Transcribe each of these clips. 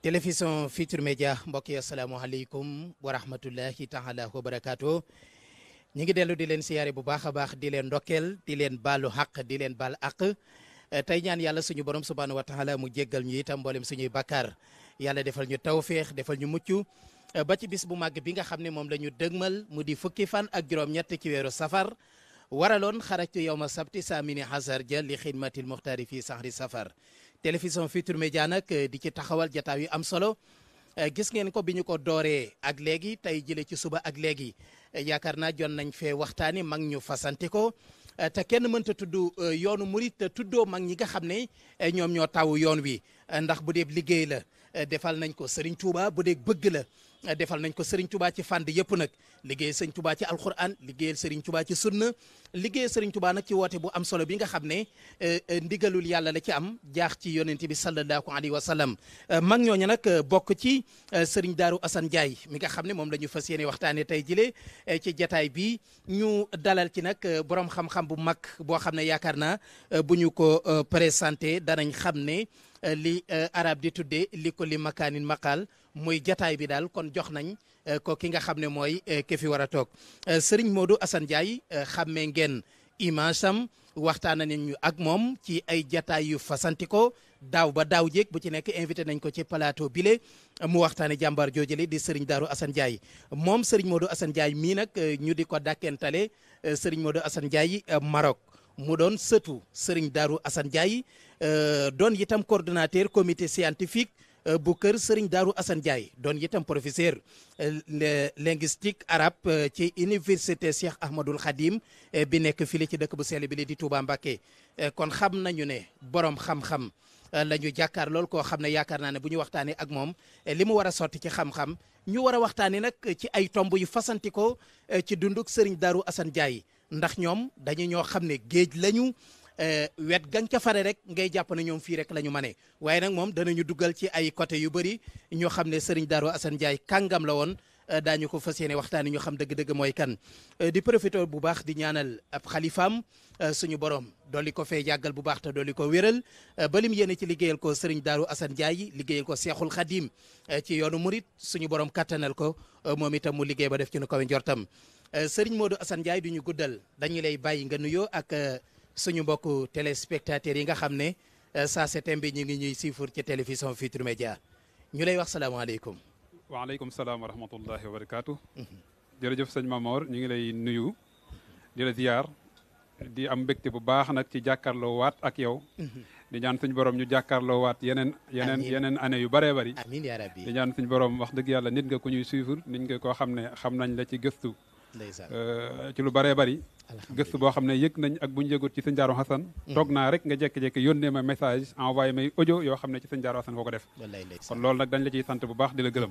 télévision Futurs Médias mbokk yi asalaamaaleykum wa rahmatullahi taala wa barakaatu ñu ngi dellu di leen siyaare bu baax a baax di leen ndokkeel di leen baalu xaq di leen baal àq eh, tey ñaan yàlla suñu borom subhaanahu wa taala mu jéggal ñu itam mboolem suñuy bakkaar yàlla defal ñu tawféex defal ñu mucc eh, ba ci bis bu màgg bi nga xam ne moom la ñu dëgmal mu di fukki fan ak juróom-ñett ci weeru safar waraloon xarajtu yawma sabti saamini hasar ja li xidmatil muxtaari fii sahri safar. télévision Futurs Médias nag eh, di ci taxawal jataay yu am solo eh, gis ngeen ko bi ñu ko dooree ak léegi tey jëlee ci suba ak léegi eh, yaakaar naa jon nañ fe waxtaani mag ñu fasante ko te kenn mënta tudd yoonu murit te tuddoo mag ñi nga xam ne ñoom ñoo taw yoon wi ndax bu dee liggéey la defal nañ ko Serigne Touba bu dee bëgg la defal nañ ko Serigne Touba ci fànn yëpp nag liggéey Serigne tubaa ci alxuraan liggéeyal Serigne Touba ci sunna liggéey Serigne nag ci woote bu am solo bi nga xam ne euh, euh, ndigalul yàlla la ci am jaax ci yonent bi sallallahu alayhi wa sallam euh, mag ñooñu nag bokk ci Serigne daaru Assane Ndiaye mi nga xam ne moom la ñu fas yéene waxtaanee tey jile ci jataay bi ñu dalal ci nag borom xam-xam bu mag boo xam ne yaakaar naa bu ñu ko présenté danañ xam ne li arab di tuddee li ko li makaanin maqaal muy jataay bi daal kon jox nañ euh, ko ki nga xam ne mooy euh, ki fi war a toog euh, Serigne Modou Assane Ndiaye ngeen image sam waxtaana nañu ak moom ci ay jataay yu fasanti daaw ba daaw jéeg bu ci nekk invité nañ ko ci plateau bile mu waxtaane jàmbaar joojale di Serigne Darou Assane moom Serigne Modou Assane Ndiaye mii nag ñu di ko dakkentale Serigne Modou Assane Ndiaye Maroc mu doon sëtu Serigne Darou Assane Ndiaye doon itam coordonnateur comité scientifique Euh, bu kër Serigne Darou Assane Ndiaye doon itam professeur euh, linguistique arabe euh, ci université Cheikh Ahmadul Khadim bi nekk fii ci dëkk bu sell bi di Touba Mbacké kon xam nañu ne borom xam-xam la ñu jàkkaar lool koo xam ne yaakaar naa ne bu ñu waxtaanee ak moom li mu war a sotti ci xam-xam ñu war a waxtaanee nag ci ay tomb yu fasanti ko ci dunduk Serigne Darou Assane Ndiaye ndax ñoom dañu ñoo xam ne géej lañu. Eh, wet gañ ca fare rek ngay jàpp ne ñoom fii rek la ñu manee waaye nag moom danañu duggal ci ay côté yu bëri ñoo xam ne Serigne daaru Assane Ndiaye kàngam la woon eh, daañu ko fas yéene waxtaan ñu xam dëgg-dëgg mooy kan eh, di profité bu baax di ñaanal ab xalifaam suñu borom dolli ko fee yàggal bu baax te dolli ko wéral ba lim yéene ci liggéeyal ko Serigne Darou Assane Ndiaye liggéeyal ko Seexul Xadim ci yoonu murit suñu borom kattanal ko moom itam mu liggéey ba def ci nu kawe njortam Serigne Modou Assane Ndiaye du ñu guddal dañu lay bàyyi nga nuyoo ak suñu mbokku téléspectateurs yi nga xam ne euh, saa setem bi ñu ngi ñuy siifur ci télévision Futurs Médias ñu lay wax salaamaaleykum. waaleykum salaam wa rahmatullahi wa barakaatu. Mhm. jërëjëf sëñ Mamor ñu ngi lay nuyu. di la ziar di am mbégte bu baax nag ci jàkkaarloo waat ak yow. Mhm. di ñaan suñu borom ñu jàkkaarloo waat yeneen yeneen yeneen année yu bare bari amiin yaa rabbi di ñaan suñu borom wax dëgg yàlla nit nga ku ñuy suivre nit nga koo xam ne xam nañ la ci gëstu. Euh, ci lu bëree bari gëstu boo xam ne yëg nañ ak bu ñu yëgut ci sëñ Jaaro Xasan mm. toog naa rek nga jékki-jékki yónnee ma message envoyé may audio yoo xam ne ci sëñ Jaaro Xasan koo ko def kon lool nag dañ la ciy sant bu baax di la gërëm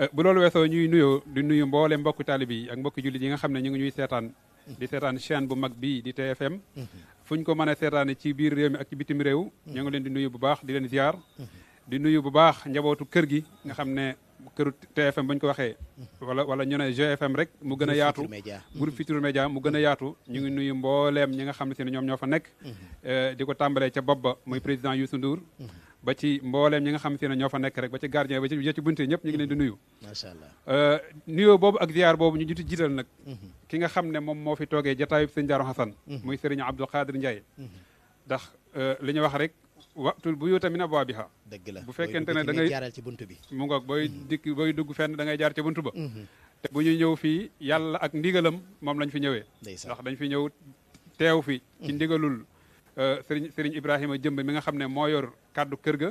euh, bu loolu weesoo ñuy nuyoo di nuyu mboole mbokki taalib yi ak mbokki jullit yi nga xam ne ñu ngi ñuy seetaan mm. di seetaan chaîne bu mag bi di TFM mm-hmm. fu ko mën a seetaane ci biir réew mi ak ci bitim réew mm. ñu ngi leen di nuyu bu baax di leen ziar mm-hmm. di nuyu bu baax njabootu kër gi nga xam ne këru TFM ba ñu ko waxee wala wala ñu ne GFM rek mu gën a yaatu groupe mm-hmm. Futurs Médias mu gën a yaatu ñu ngi nuyu mbooleem ñi nga xam ne ñoom ñoo fa nekk mm-hmm. eh, di ko tàmbalee ca bopp ba muy président Youssou Ndour mm-hmm. ba ci mbooleem ñi nga xam ne ñoo fa nekk rek ba ci gardien ba ci ci bunte ñëpp ñu ngi nuyu eh, boobu ak boobu ñu juti jiital nag ki nga xam ne moom moo fi toogee jataayub Xasan muy Serigne Abdou Khadir Ndiaye ndax eh, li wax rek waxtul buyuuta min abwaabiha dëgg la bu fekkente ne da ngay jaaral ci bunt bi mu ngoog booy mm-hmm. dikk booy dugg fenn dangay jaar ci buntu ba mm-hmm. te bu ñuy ñëw fii yàlla ak ndigalam moom lañ fi ñëwee ndax dañ fi ñëw teew fi ci mm-hmm. ndigalul euh, sëriñ sëriñ Ibrahima Jëmb mi nga xam ne moo yor kàddu kër ga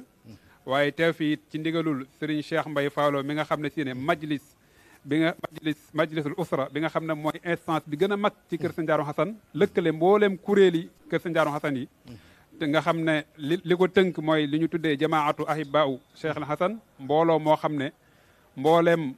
waaye teew fi ci ndigalul sëriñ Cheikh Mbay Faalo mi nga xam ne si ne majlis bi nga majlis majlisul usra bi nga xam ne mooy instance bi gën a mag ci kër Sëñ Daaru Xasan lëkkale mbooleem kuréel yi kër Sëñ Daaru yi nga xam ne li ko tënk mooy li ñu tuddee jamaatu ahibaaw Cheikh al Hasan mbooloo moo xam ne mbooleem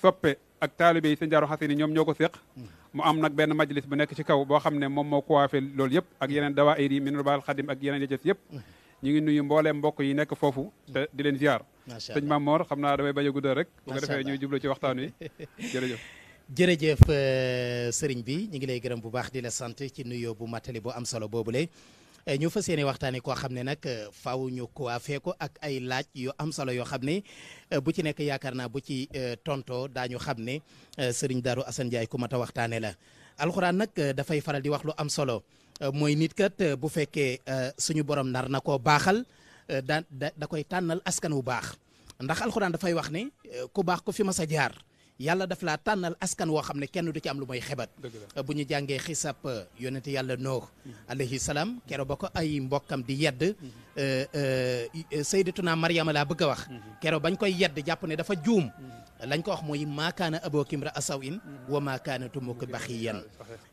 soppe ak taalibe yi sëñ Daaru Hasan yi ñoom ñoo ko séq mm-hmm. mu am nag benn majlis bu nekk ci kaw boo xam ne moom moo coiffé loolu yëpp ak yeneen dawaa ir yi Minanul Baaqil Xadim ak yeneen yëjës yëpp mm-hmm. ñu ngi nuyu mbooleem mbokk yi nekk foofu te di leen ziar sëñ Maam Moor xam naa damay bañ a guddal rek bu ko defee ñoo jublu ci waxtaan wi jërëjëf jërëjëf euh, sëriñ bi ñu ngi lay gërëm bu baax di la sant ci nuyoo bu matali bu am solo boobule Eh, ñu fas yéene waxtaanee koo xam ne nag eh, faaw ñu coiffé ko ak ay laaj yu am solo yoo xam ne eh, bu ci nekk yaakaar naa bu ci tontoo daañu xam ne Serigne Darou Assane Ndiaye ku mat a waxtaanee la alxuraan nag dafay faral di wax lu am solo mooy nit kat bu fekkee suñu borom nar na koo baaxal da da koy tànnal askan wu baax ndax alxuraan dafay wax ne ku baax ko fi mas a jaar. yàlla daf laa tànnal askan woo xam ne kenn du ci am lu mooy xebat bu ñu jàngee xisab euh, yonente yàlla noox mhm. alayhi salaam kero ba ko ay mbokkam di yedd mhm. euh, euh, sayyidatuna Maryama laa bëgg a wax mhm. kero bañ koy yedd jàpp ne dafa juum lañ ko wax mooy maakaana abokim ra asaw in wa maakaana tumuka baxiyan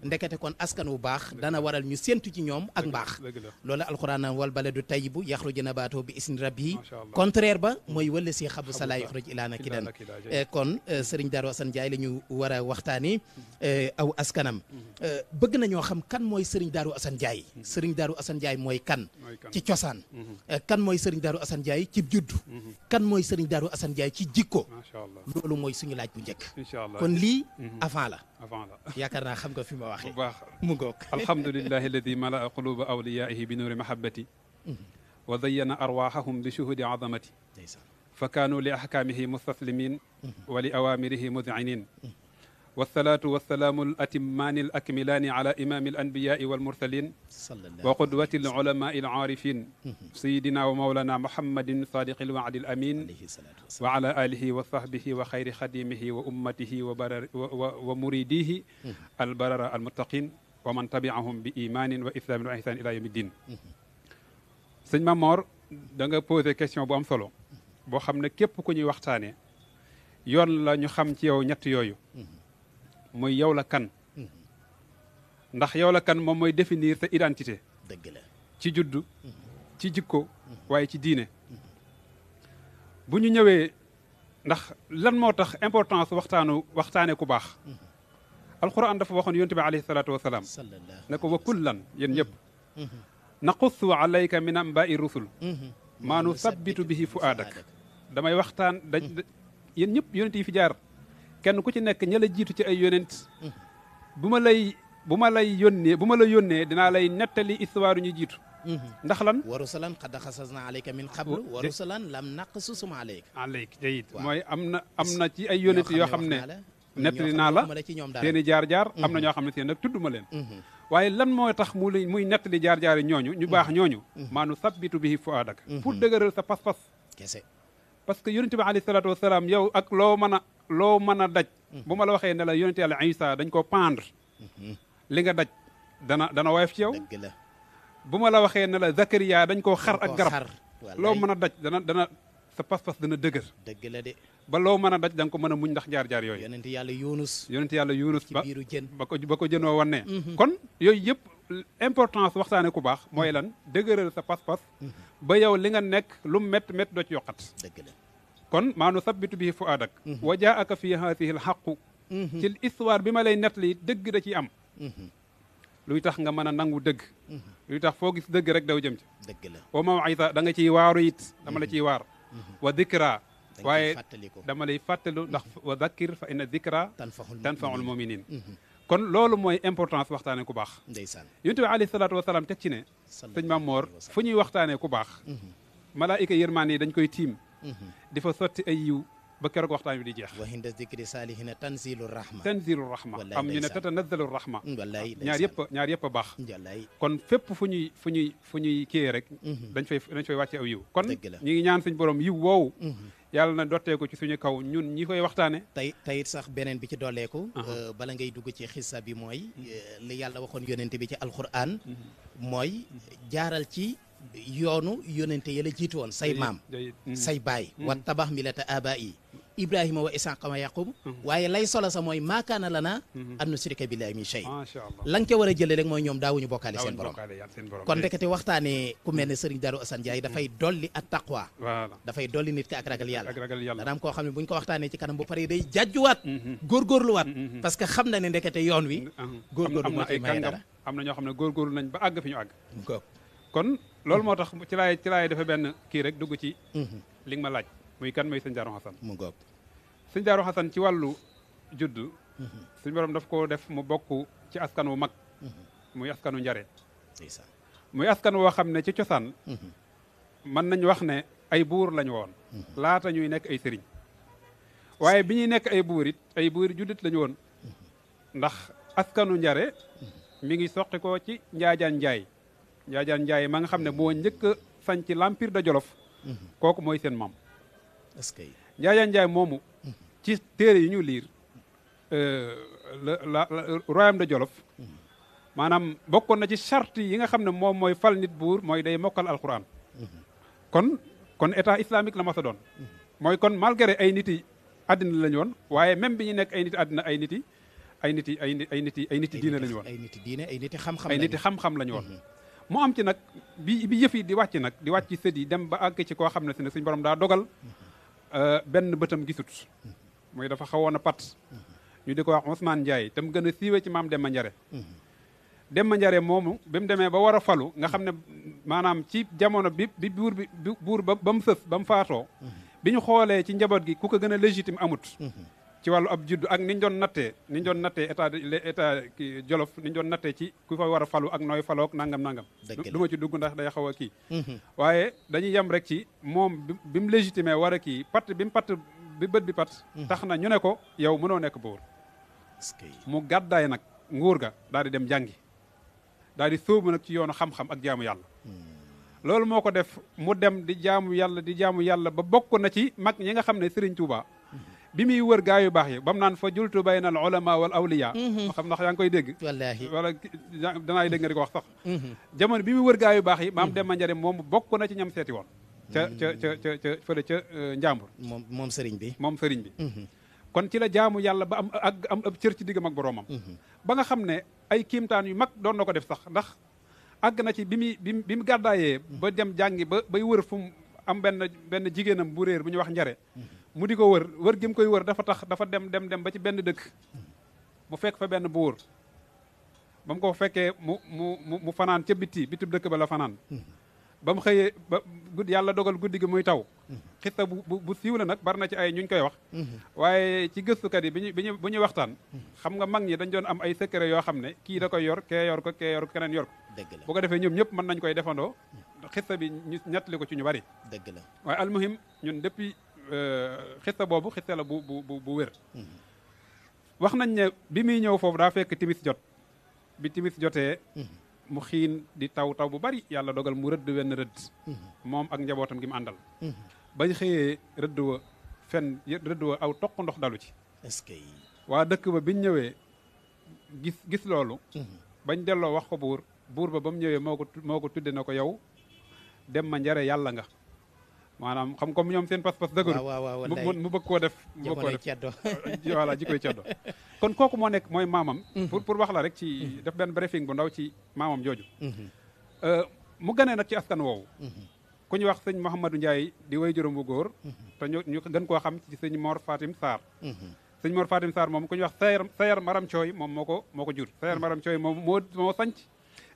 ndekete kon askan wu baax dana waral ñu séentu ci ñoom ak mbaax loolu alquran naan wal baladu tayyibu yaxruju nabaatoo bi isni rabbi contraire ba mooy wala si xabu salaa yaxruj ilaa nakidan eh, kon eh, sëriñ Darou Assane Ndiaye la ñu war a waxtaani eh, aw askanam bëgg nañoo xam kan mooy sëriñ daaru Assane Ndiaye sëriñ Darou Assane Ndiaye mooy kan ci cosaan mhm. kan mooy sëriñ Darou Assane Ndiaye ci juddu mhm. kan mooy sëriñ Darou Assane Ndiaye ci jikko loolu mooy suñu laaj bu njëkk. incha allah kon lii. Mhm. avant la avant la yaakaar naa xam nga fi ma waxee. bu baax mu ngoog. alhamdulilah alladi malaa quluba awliyaihi bi nuuri mahabbati. Mhm. wa zayyana arwaahahum bi shuhudi azamati. fa kaanu li ahkaamihi mustaslimin. Mhm. wa li awaamirihi mud'inin wasalaatu wasalaamu al atimmaani al akmilaani ala imaami al anbiyaai wal mursalin wa qudwati al ulamaai al aarifin sayidina wa mawlana muhammadin saadiqi al waadi al amin wa ala alihi wa sahbihi wa xayri xadimihi wa ummatihi wa barar wa muridihi al barara al muttaqin wa man tabiahum bi imaanin wa islaamin wa ihsaan ila yawmi din sëñ Mamor da nga posé question bu am solo boo xam ne képp ku ñuy waxtaane yoon la ñu xam ci yow ñett yooyu mooy yow la kan mm-hmm. ndax yow la kan moom mooy définir sa identité dëgg ci juddu mm-hmm. ci jikko mm-hmm. waaye ci diine bu ñu ñëwee ndax lan moo tax importance waxtaanu waxtaane ku baax alquran dafa waxoon yonte bi alayhi salaatu wasalaam ne ko wa kullan yéen ñëpp naqussu alayka min ambai rusul maa nu sabbitu bihi fuaadak damay waxtaan dañ yéen ñëpp yonent yi fi jaar kenn ku ci nekk ña jiitu ci ay yonent bu ma lay bu ma lay yónnee bu ma la yónnee dinaa lay nettali histoire ñu jiitu mm-hmm. ndax lan wa rusulan qad xasasna alayka min qablu wa rusulan lam naqsusum alayka alayka jayid mooy am na am na ci ay yonent yoo xam ne nettali naa la seeni jaar-jaar am na mm-hmm. ñoo xam ne seen nag tudduma leen mm-hmm. waaye lan moo tax mu muy nettali jaar-jaar ñooñu ñu baax ñooñu maa nu sabbitu bihi fuaadaka pour dëgëral sa pas-pas kese parce que yonente bi alayhi salaatu wasalaam yow ak loo man a loo mën a daj hmm. bu ma la waxee ne la yonente yàlla Isa dañ ko pendre hmm. li nga daj dana dana woyof ci yow bu ma la waxee ne la Zakaria dañ koo xar ak garab loo mën a daj dana dana sa pas dana dëgër dëgg la ba loo mën a daj da ko mën a muñ ndax jaar-jaar yooyu yonent yàlla Yunus yonent yàlla Yunus ba ba ko ba ko jënoo wannee hmm. kon yooyu yëpp importance waxtaane ku baax mooy lan dëgëral sa pas-pas ba yow li nga nekk lum mett mett doo ci yokkat kon maa nu sabbitu bi fu aadak mhm. wa jaa aka fi haatihi l xaqu mhm. ci histoire bi ma lay nettali dëgg da ciy am mhm. luy tax nga mën a nangu dëgg luy tax foo gis dëgg rek daw jëm ci dëgg la wa mawisa da nga ciy waaru it dama la ciy waar wa dikra waaye dama lay fàttalu ndax wa dakkir fa inna dikra tanfaul muminin kon loolu mooy importance waxtaane ku baax ndeysaan yonent bi alayhi salaatu wasalaam teg ci ne sëñ ma Moor fu ñuy waxtaane ku baax malaayika yërmaan yi dañ koy tiim Mhm. di fa sotti ay yiw ba keroog waxtaan wi di jeex wa hinda zikri salihina tanzilu rahma tanzilu rahma am ñu ne tatanazzalu rahma mm, wallaay ñaar yëpp ñaar yëpp a baax wallaay kon fépp fu ñuy fu ñuy fu ñuy kiyee rek mhm. dañ fay dañ fay wàcce aw yiw kon ñu ngi ñaan suñ borom yiw woowu mhm. yàlla na dotteeku ci suñu kaw ñun ñi koy waxtaane tey sax beneen bi ci dooleeku euh, bala ngay dugg ci xissa bi mooy euh, li yàlla waxoon yonente bi ci al alquran mooy jaaral ci yoonu yonente yala jiitu woon say maam mm-hmm. say baay mm-hmm. wa tabax milata aba i ibrahima wa isaqa wa yaqub mm-hmm. waaye lay solo sa mooy maakaana lana an nusrika billahi min shay la nga war a jële rek mooy ñoom daawuñu bokkaale seen borom kon ndekete waxtaane ku mel ne sëriñ Daaru Asan Njaay dafay dolli at taqwa dafay dolli nit ki ak ragal yàlla dana am koo xam ne bu ñu ko waxtaanee ci kanam bu pare day jàjjuwaat góorgóorluwaat parce que xam na ne ndekete yoon wi góorgóorlu moo koy maye dara am na ñoo xam ne góorgóorlu nañ ba àgg fi ñu kon loolu moo tax ci laay ci laay dafa benn kii rek dugg ci mhm. li ma laaj muy kan mooy sëñ Darou Hassane mu goog sëñ Darou ci wàllu juddu mhm. suñu borom daf ko def mu bokk ci askan wu mag mhm. muy askanu njare muy askan woo xam ne ci cosaan mën nañ wax ne ay buur lañu woon laata ñuy nekk ay sëriñ waaye bi ñuy nekk ay buurit ay buur juddit lañu woon ndax askanu njare mi ngi soqi ko ci njaajaan njaay Njaajaan Njaay ma nga xam ne moo njëkk a ci l'empire de Jolof mhm. kooku mooy seen maam est-ce Njaajaan Njaay moomu mhm. ci téere yi ñu liir euh, la royaume de Jolof mhm. maanaam bokkoon na ci charte yi nga xam ne moom mooy fal nit buur mooy day mokkal alquran kon kon état islamique la ma doon mooy kon malgré ay nit yi àddina la ñu woon waaye même bi ñu nekk ay nit àddina ay nit yi ay nit yi ay nit yi ay nit yi diine la ñu woon ay nit yi xam-xam la ñu woon mu am ci nag bi bi yëf yi di wàcc nag di wàcc ci sët yi dem ba àgg ci koo xam ne si ne suñu borom daa dogal euh, benn bëtam gisut mooy dafa xawoon a pat ñu di ko wax Ousmane Ndiaye tam gën a siiwee ci maam Demba Njare Demba Njare moomu bi mu demee ba war a falu nga xam ne maanaam ci jamono bi bi buur bi buur ba ba mu sës ba mu faatoo bi ñu xoolee ci njaboot gi ku ko gën a légitime amut ci wàllu ab juddu ak ni ñu doon nattee ni ñu doon nattee état état ki jolof ni ñu doon nattee ci ku fa war a falu ak nooy faloo nangam nangam du ma ci dugg ndax day xaw a kii mhm. waaye dañuy yem rek ci moom bi mu légitimé war a kii patt bi mu patt bi bët bi patt mhm. tax na ñu ne ko yow mënoo nekk buur mu gàddaay nag nguur ga daal di dem jàngi daal di sóobu nag ci yoonu xam-xam ak jaamu yàlla hmm. loolu moo ko def mu dem di jaamu yàlla di jaamu yàlla ba bokk na ci mag ñi nga xam ne Serigne Touba bi muy wër gaa yu baax yi ba naan fa jultu bayna al ulama wal awliya mm-hmm. xam ndax yaa ngi koy dégg wallaahi wala danaay dégg nga di ko wax sax mm-hmm. jamono bi mu wër gaa yu baax yi maam mm-hmm. Demba Njare moom bokk na ci ñam seeti woon ca ca ca ca ca fële ca euh, Njàmbur moom moom sëriñ bi moom sëriñ bi kon ci la jaamu yàlla ba am ak am ab cër ci diggam ak boroomam ba nga xam ne ay kiimtaan yu mag doon na ko def sax ndax àgg na ci bi muy bi mu gàddaayee ba dem jàngi ba ba bay wër fu mu am benn benn jigéenam bu réer bu ñu wax njare mu di ko wër wër gi koy wër dafa tax dafa dem dem dem ba ci benn dëkk mu fekk fa benn buur bam ko fekkee mu mu mu fanaan ca bitti bitib dëkk ba la fanaan ba mu xëyee ba guddi yàlla dogal guddi gi muy taw xista bu bu siiw la nag bari na ci ay ñuñ koy wax waaye ci gëstukat yi bi ñu bi ñu bu ñuy waxtaan xam nga mag ñi dañ doon am ay secret yoo xam ne kii da koy yor kee yor ko kee yor ko keneen yor ko bu ko defee ñoom ñëpp mën nañ koy defandoo xista bi ñu ñettali ko ci ñu bari dëgg la Euh, xista boobu xista bu bu bu wér. Mhm. wax nañ ne bi muy ñëw foofu daa fekk timis jot bi timis jotee. Mhm. mu xiin di taw taw bu bari yàlla dogal mu rëdd wenn rëdd. Mhm. moom ak njabootam gi mu àndal. bañ xëyee rëdd wa fenn rëdd wa aw toq ndox dalu ci. est waa dëkk ba biñ ñëwee gis gis loolu. bañ delloo wax ko buur buur ba ba mu ñëwee moo ko moo ko tudde na ko yow dem ma njare yàlla nga. maanaam xam comme ñoom seen pas-pas dëgëru mu bëgg koo def mu bëgg koo def voilà jikoy ceddo kon kooku moo nekk mooy maamam mhm. pour pour wax la rek ci mhm. def benn briefing bu ndaw ci maamam jooju mhm. euh, mu gënee nag ci askan woowu ku ñu wax sëñ Mouhamadou Ndiaye di way juróom bu góor te ñu gën koo xam ci sëñ Mor Fatim Sarr sëñ Mor Fatim Sarr moom ku ñu wax Sayar Sayar Maram Thioy moom moo ko moo ko jur Sayar Maram Thioy moom moo moo sanc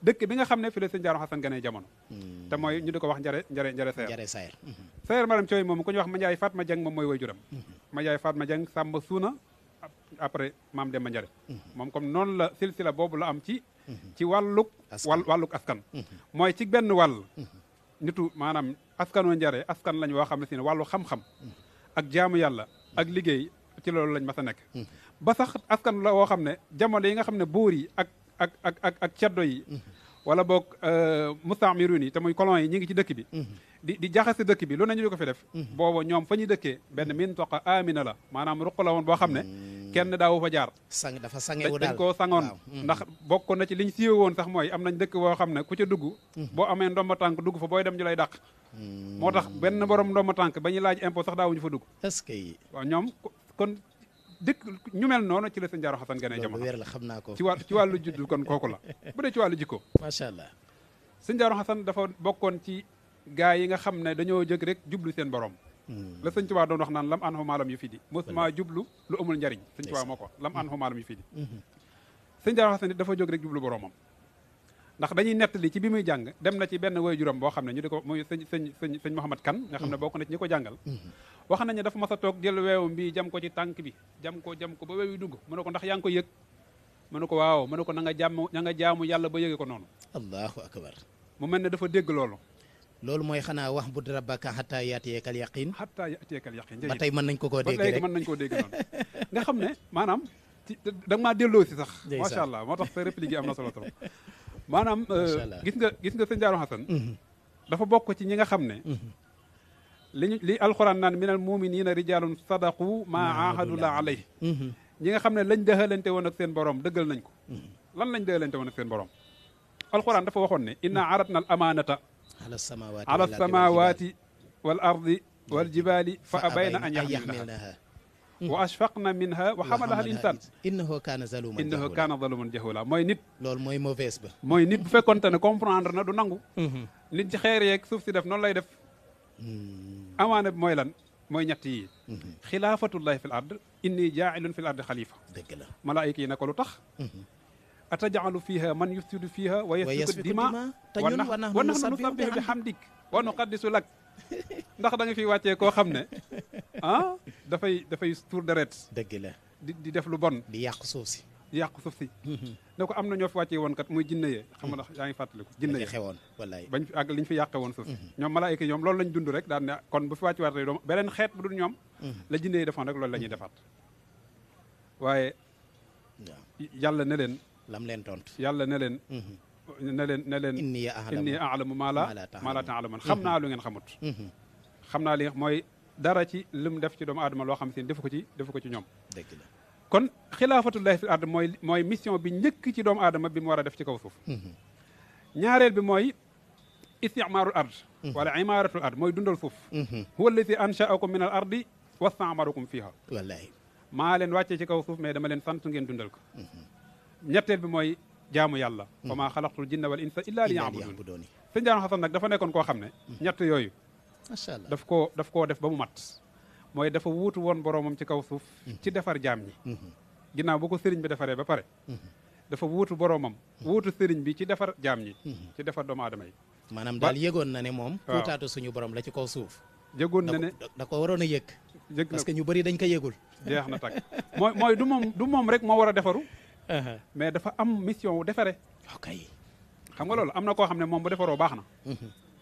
dëkk bi nga xam ne fi la sëñ Jaaroo Xasan gane jamono hmm. te mooy ñu di ko wax njare njare njare sayer sayer hmm. maram cooy moom ku ñu wax ma njaay Fatma Jeng moom mooy waajuram hmm. ma njaay Fatma Jeng sàmba suuna après maam ma Njare moom comme noon la silsila boobu la am ci ci wàlluk wàlluk askan mooy ci benn wàll nitu maanaam askan askanu njare askan lañ woo xam ne si ne wàllu xam-xam ak jaamu yàlla ak liggéey ci loolu lañ ma a nekk ba sax askan la woo xam ne jamono yi nga xam ne buur yi ak ak ak ak ak ceddo yi wala boog euh, mustamiruun yi te muy colon yi ñi ngi ci dëkk bi mm-hmm. di di jaxase dëkk bi lu nañu di ko fi def mm-hmm. booba ñoom fa ñuy dëkkee benn mm-hmm. mintaqa amina la maanaam ruq la woon boo xam ne kenn daawu fa jaar sang dafa sangewu daal dañ koo sangoon ndax bokk na ci liñ siiwe woon sax mooy am nañ dëkk boo xam ne ku ca dugg boo amee ndomba tànk dugg fa booy dem ñu lay dàq moo tax benn borom ndomba tànk ba ñuy laaj impôt sax daawuñu fa dugg est-ce ñoom kon dëkk ñu mel noonu ci la sëñ Jaaro Xasan gane jamono wér la xam naa ko ci waa ci wàllu juddu kon kooku la bu dee ci wàllu jikko allah sëñ Jaaro Xasan dafa bokkoon ci gaa yi nga xam ne dañoo jóg rek jublu seen borom hmm. la sëñ Tuubaa doon naan lam an xumaalam yu fi di mosuma jublu lu amul njariñ sëñ Tuubaa moo ko lam an xumaalam yu fi di hmm. sëñ Jaaro Xasan dafa jóg rek jublu boromam ndax dañuy nettali ci bi muy jàng dem na ci benn woy juróom boo xam ne ñu di ko muy sëñ sëñ sëñ sëñ Mouhamad Kan nga xam ne hmm. bokk na ci ko jàngal wax nañ dafa mas a toog jël weewam bi jam ko ci tànk bi jam ko jam ko ba weewi dugg mu ne ko ndax yaa ngi ko yëg mu ne ko waaw mu ne ko na nga jàmm na nga jaamu yàlla ba yëge ko noonu allahu akbar mu ne dafa dégg loolu loolu mooy xanaa wax bu rabbaka xataa yaatiyeekal yaqin xataa yaatiyeekal yaqin ba tey mën nañ ko koo dégg rek mën nañ koo dégg noonu nga xam ne maanaam ci maa delloo si sax macha allah moo tax sa réplique yi am na solo trop maanaam euh, gis nga gis nga sëñ Jaaro Xasan mhm. dafa bokk ci ñi nga xam ne mhm. liñu li alxuraan naan minal muminina rijalun sadaqu ma la alayh mm-hmm. ñi nga xam ne lañ dëxalante woon ak seen borom dëggal nañ ko mm-hmm. lan lañ dëxalante woon ak seen borom alxuraan dafa waxoon ne inna mm-hmm. aratna al amaanata ala samawati wal ardi wal jibaali fa abayna an yaxmilnaha wa ashfaqna minha wa xamalaha al insaan innahu kaana zaluman innahu kaana zaluman jahula mooy nit lool mooy mauvaise ba mooy nit bu fekkonte ne comprendre na du nangu nit ci xeer yeek suuf si def noonu lay def amaana bi mooy lan mooy ñett yi mhm. xilaafatullahi fil ard inni jaailun fil ard xalifa dëgg la malaayika yi ne ko lu tax mhm. atajalu fiha man yufsidu fiha wa yasfiku dima wa nahnu nusabbihu bi hamdik wa nuqaddisu lak ndax da fi fiy wàccee koo xam ne ah dafay dafay tuur deret dëgg di di def lu bon di yàq suuf si yàqu suuf si mhm. ne ko am na ñoo fi wàccee woon kat muy jinne yee xam nga ndax mhm. yaa ngi fàttaliku jinne yee xewoon wallaay bañ fi ak liñ fi yàqe woon suuf si mhm. ñoom malaayika yi ñoom loolu lañ dund ne kon bu fi wàcc waatee doom beneen xeet bu dul ñoom la defoon rek loolu la ñuy defaat waaye yàlla ne leen lam leen tontu yàlla ne leen ne leen ne mala inni aalamu maa la maa la taalaman xam naa lu ngeen xamut xam naa li mooy dara ci lim def ci doom aadama loo xam si defu ko ci defu ko ci ñoom dëgg la kon xilaafatullahi fil ard mooy mooy mission bi njëkk ci doomu aadama bi mu war a def ci kaw suuf mhm. ñaareel bi mooy istimaarul ard mhm. wala imaaratul ard mooy dundal suuf mhm. huwa alladi anshaakum min al ardi wastaamarakum fiha wallaahi maa leen wàccee ci kaw suuf mais dama leen sant ngeen dundal ko ñetteel bi mooy jaamu yàlla wa maa xalaqtul jinna wal insa illa li yaabuduun sëñ Jaanu Xasan nag dafa nekkoon koo xam ne ñette yooyu daf koo daf koo def ba mu mat mooy dafa wuutu woon boroomam ci kaw suuf ci mhm. defar jaam ñi mhm. ginnaaw bu ko sëriñ bi defaree ba pare mhm. dafa wuutu boroomam wuutu sëriñ bi ci defar jaam ñi ci defar doomu aadama yi maanaam daal yëgoon na ne moom kuutaatu suñu borom la ci kaw suuf yëgoon na ne da ko waroon a yëg yëg parce que ñu bëri dañ ko yëgul jeex na tàkk mooy du moom du moom rek moo war a defaru uh-huh. mais dafa am mission wu defare ok xam nga loolu am na koo xam ne moom bu defaroo baax na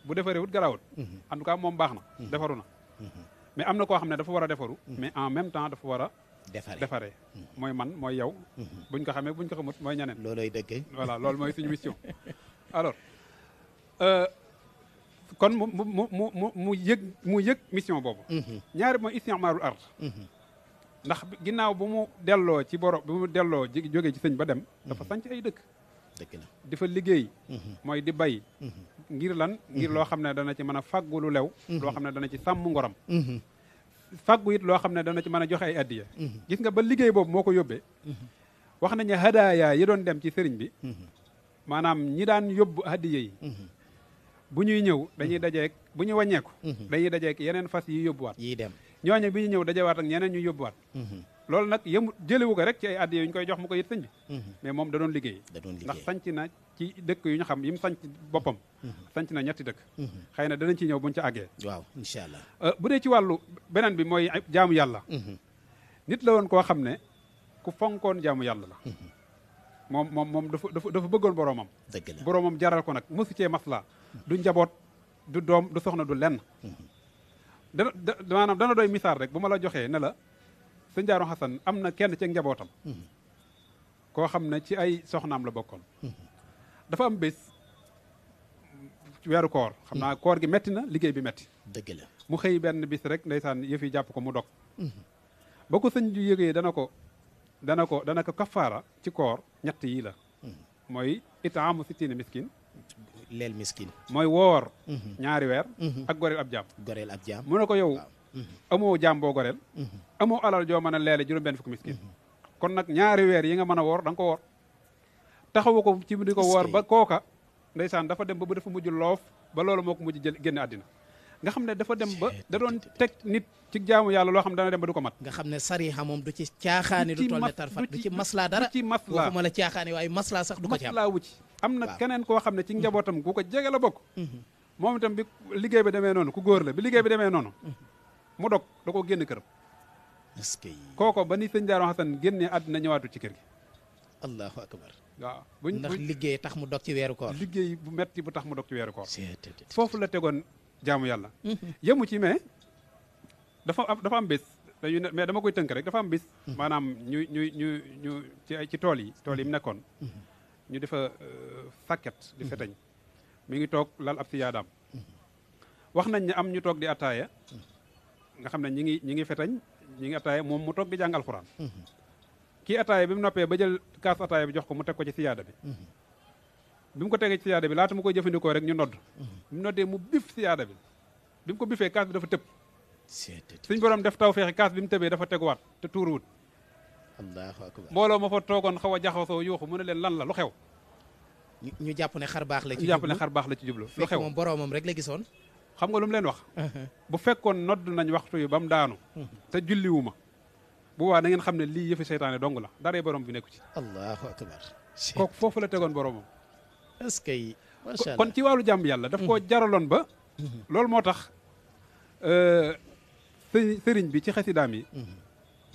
bu defaree wut garaawut en tout cas moom baax na defaru na mais am na koo xam ne dafa war a defaru hmm. mais en même temps dafa war a defare hmm. mooy man mooy yow hmm. buñ ko xamee buñ ko xamut mooy ñeneen looloy dëgg voilà loolu mooy suñu mission alors euh, kon mu mu mu mu mu yëg mu yëg mission boobu ñaari mooy istimaarul ard ndax ginnaaw bu mu delloo ci borom bu mu delloo jógee ci sëñ ba dem dafa sanc ay dëkk dëgg la di fa liggéey mhm. mooy di bay mhm. ngir lan ngir mhm. loo xam ne dana ci mën a fàggu lu lew loo xam ne dana ci sàmm ngoram fàggu it loo xam ne dana ci mën a joxe ay addiya gis nga ba liggéey boobu moo ko yóbbee wax nañu hadaaya yi doon dem ci sëriñ bi maanaam ñi daan yóbbu hadiya yi bu ñuy ñëw dañuy dajeek bu ñu wàññeeku dañuy dajeek yeneen fas yi yóbbuwaat yi dem ñooñu bi ñu ñëw dajewaat ak ñeneen ñu yóbbuwaat loolu nag yëmu jëlewu ko rek ci ay addi yu ñu koy jox mu ko yit sëñ bi mhm. mais moom da doon liggéey ndax sanc na ci dëkk yu ñu xam yi mu sanc boppam mhm. sanc na ñetti dëkk mhm. xëy na danañ ci ñëw buñ ci àggee waaw incha allah euh, bu dee ci wàllu beneen bi mooy jaamu yàlla nit la woon koo xam ne ku fonkoon jaamu yàlla la moom moom moom dafa dafa bëggoon boroomam boroomam jaral ko nag mosu cee masla du njaboot du doom du soxna du lenn dana maanaam dana doy misaal rek bu ma la joxee ne la sëñ Daaru Xasan am na kenn ci njabootam koo xam ne ci ay soxnaam la bokkoon dafa am bés weeru koor xam naa koor gi metti na liggéey bi metti dëgg la mu xëy benn bis rek ndeysaan yëf yi jàpp ko mu dog mhm. boo ko sëñ ju yëgee dana ko dana ko dana ko kafaara ci koor ñett yii la mhm. mooy itaamu sittiina miskin leel miskin mooy woor mhm. ñaari weer ak goreel ab jaam goreel ab jaam mu ne ko yow Mm-hmm. amoo jaam boo goreel mm-hmm. amoo alal joo mën a leele juróom benn fukki miskin mm-hmm. kon nag ñaari weer yi nga mën a woor da nga ko woor taxawu ko ci di ko woor ba kooka ndeysaan dafa dem ba bu dafa mujj loof ba loolu moo ko mujj jël génn àddina nga xam ne dafa dem ba da doon teg nit ci jaamu yàlla loo xam ne dana dem ba du ko mat nga xam ne sariha moom du ci caaxaani lu toll ne tarfat du ci maslaa dara ci maslaa waxuma la caaxaani waaye maslaa sax du ko ci am wu ci am na keneen koo xam ne ci njabootam ku ko jege la bokk moom itam bi liggéey bi demee noonu ku góor la bi liggéey bi demee noonu mu dog da ko génn këram. est kooko ba ni sëñ Darou Hassane génnee àddina ñëwaatu ci kër gi. allahu akbar. waaw buñ ndax liggéey tax mu dog ci weeru koor. liggéey bu metti bu tax mu dog ci weeru koor. foofu la tegoon jaamu yàlla. Mhm. yëmu ci mais dafa am dafa am bés. dañuy ne mais dama koy tënk rek dafa am bis. Mhm. maanaam ñu ñu ñu ñu ci ci tool yi tool yi mu mhm. nekkoon. ñu defa sàkket di euh, fetañ mi ngi toog lal ab siyaadaam. wax nañ ne am ñu toog di ataaya. nga xam ne ñi ngi ñi ngi fetañ ñi ngi ataaya moom mu toog di jàng alxuraan mhm. kii ataaya bi mu noppee ba jël kaas ataaya bi jox ko mu teg ko ci siyaada bi mhm. bi mu ko tegee ci siyaada bi laata mu koy jëfandikoo rek ñu nodd mhm. bi mu noddee mu bif siyaada bi bi mu ko bifee kaas bi dafa tëb suñ borom def taw feexi kaas bi mu tëbee dafa teguwaat te tuuruwut allahu akbar mbooloo ma fa toogoon xaw a jaxasoo yuuxu mu ne leen lan la lu xew ñu jàpp ne xar baax la ci jublu xar baax la ci jublu lu xew moom rek la gisoon xam nga lu mu leen wax bu fekkoon nodd nañ waxtu yi ba mu daanu te julliwu ma bu waa na ngeen xam ne lii yëfi seytaane dong la daray borom bi nekku ci allahu akbar kooku foofu la tegoon boromam kon ci wàllu jàmb yàlla daf koo jaraloon ba loolu moo tax euh, sëriñ bi ci daam yi mhm.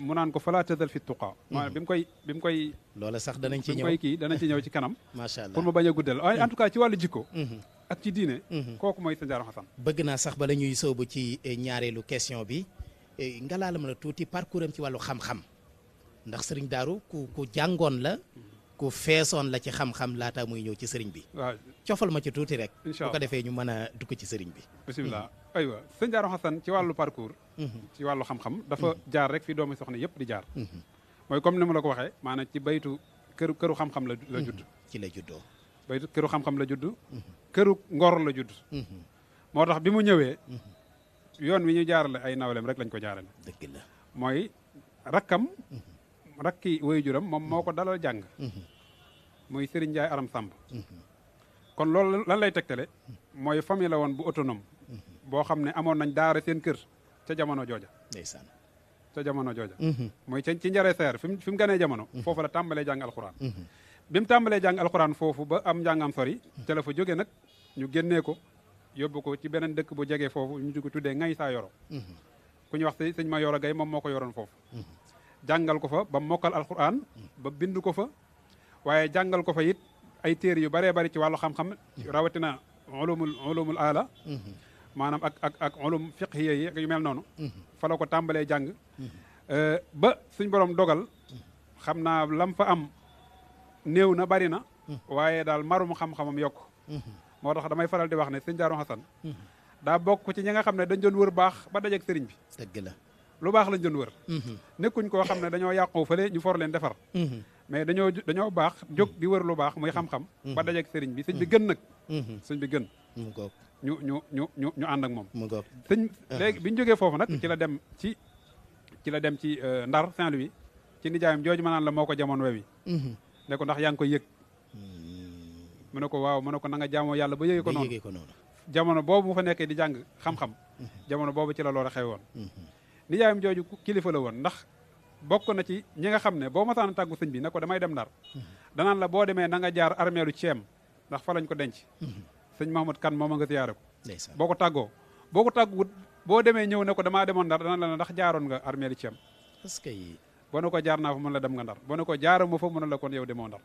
mu naan ko fala tazal fi tuqaa maanaam bi mu koy bi mu koy loola sax danañ ci ñëw bi mu koy ci ñëw ci kanam macha allah pour ma bañ a guddal waaye en mhm. tout cas ci wàllu jikko mhm. ak ci diine. Mhm. kooku mooy Sëñ Daaru Xasan bëgg naa sax ba bala ñuy sóobu ci eh, ñaareelu question bi eh, nga la mën a tuuti parcours am ci wàllu xam-xam ndax sëriñ Daaru ku ku jàngoon la. ku feesoon la ci xam-xam laata muy ñëw ci sëriñ bi. waaw cofal ma ci tuuti rek. incha bu ko defee ñu mën a dugg ci sëriñ bi. bisimilah aywa Sëñ Daaru Xasan ci wàllu parcours. Mhm. ci wàllu xam-xam dafa mhm. jaar rek fi doomi soxna yëpp di jaar. mooy comme ni ma la ko waxee maanaam ci baytu këru këru xam-xam la la ci la juddoo. baytu la judd. këru ngor la judd mhm. moo tax bi mu ñëwee mhm. yoon wi ñu jaarale ay nawleem rek lañ ko jaarale dëgg la mooy rakkam mhm. rakki waajuram moom moo ko dalal jàng muy Serigne jaay Aram Samb kon loolu lan lay tegtale mooy famille woon bu autonome boo xam ne amoon nañ daara seen kër ca jamono jooja ndeysaan ca jamono jooja mooy ca ci njare seer fi mu fi mu ganee jamono foofu la tàmbalee jàng alxuraan bi tàmbalee jàng alxuraan foofu ba am njàngam sori ca la fa jóge nag ñu génnee ko yóbbu ko ci beneen dëkk bu jege foofu ñu ko tuddee ngay saa yoro mhm. ku ñuy wax si sëñ ma yoro gay moom moo ko yoroon foofu mhm. jàngal ko fa ba mokkal alquran mhm. ba bindu ko fa waaye jàngal ko fa it ay téere yu bëree bari ci wàllu xam-xam rawatina ulumul ulumul aala maanaam ak ak ak ulum fiqhiya yi yu mel noonu fa ko tàmbalee jàng euh, ba suñ borom dogal xam naa lam fa am néew na bari na waaye daal marum xam-xamam yokk moo tax damay faral di wax ne sëñ Daaru Xasan hmm. daa bokk ci ñi xam ne dañ doon wër baax ba dajeek sëriñ bi dëgg la lu baax lañ doon wër hmm. nekkuñ koo xam ne dañoo yàqoo fële ñu for leen defar hmm. mais dañoo dañoo baax jóg di wër lu baax muy xam-xam ba dajeek sëriñ bi sëñ bi gën nag sëñ bi gën ñu ñu ñu ñu ñu ànd ak moom sëñ ah. léegi bi ñu jógee foofu nag ci la dem ci ci la dem ci euh, Ndar Saint-Louis ci nijaayam jooju ma naan la moo ko jamoon we wi ne ndax yaa ngi koy yëg mu ne ko waaw mu ne ko na nga jaamoo yàlla ba yëgee ko noonu jamono boobu mu fa nekkee di jàng xam-xam mm-hmm. jamono boobu ci la loola xew woon mm-hmm. nijaayam jooju kilifa la woon ndax bokk na ci ñi nga xam ne boo masaana tàggu sëñ bi na ko damay dem ndar mm-hmm. danaan la boo demee na nga jaar armeelu ceem ndax fa lañ ko denc sëñ Mahmoud kan moom a nga siyaare ko boo ko tàggoo boo ko tàgguwut boo demee ñëw ne ko damaa demoon ndar danaan la ndax jaaroon nga armeelu ceem boo ne ko jaar naa fa mën la dem nga ndar boo ne ko jaaroo ma fa mën la kon yow demoo ndar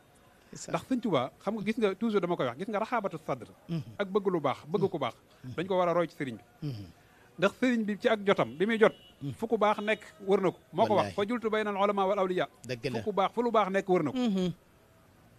ndax sëñ Tuubaa xam nga gis nga toujours dama koy wax gis nga raxaabatu sadr mhm. ak bëgg lu baax bëgg ku baax mhm. dañ ko war a roy ci sëriñ bi mhm. ndax sëriñ bi ci ak jotam bi muy jot fu ku baax nekk wër na ko moo ko wax fa jultu bayna al ulama wal awliya fu ku baax fu lu baax nekk wër na ko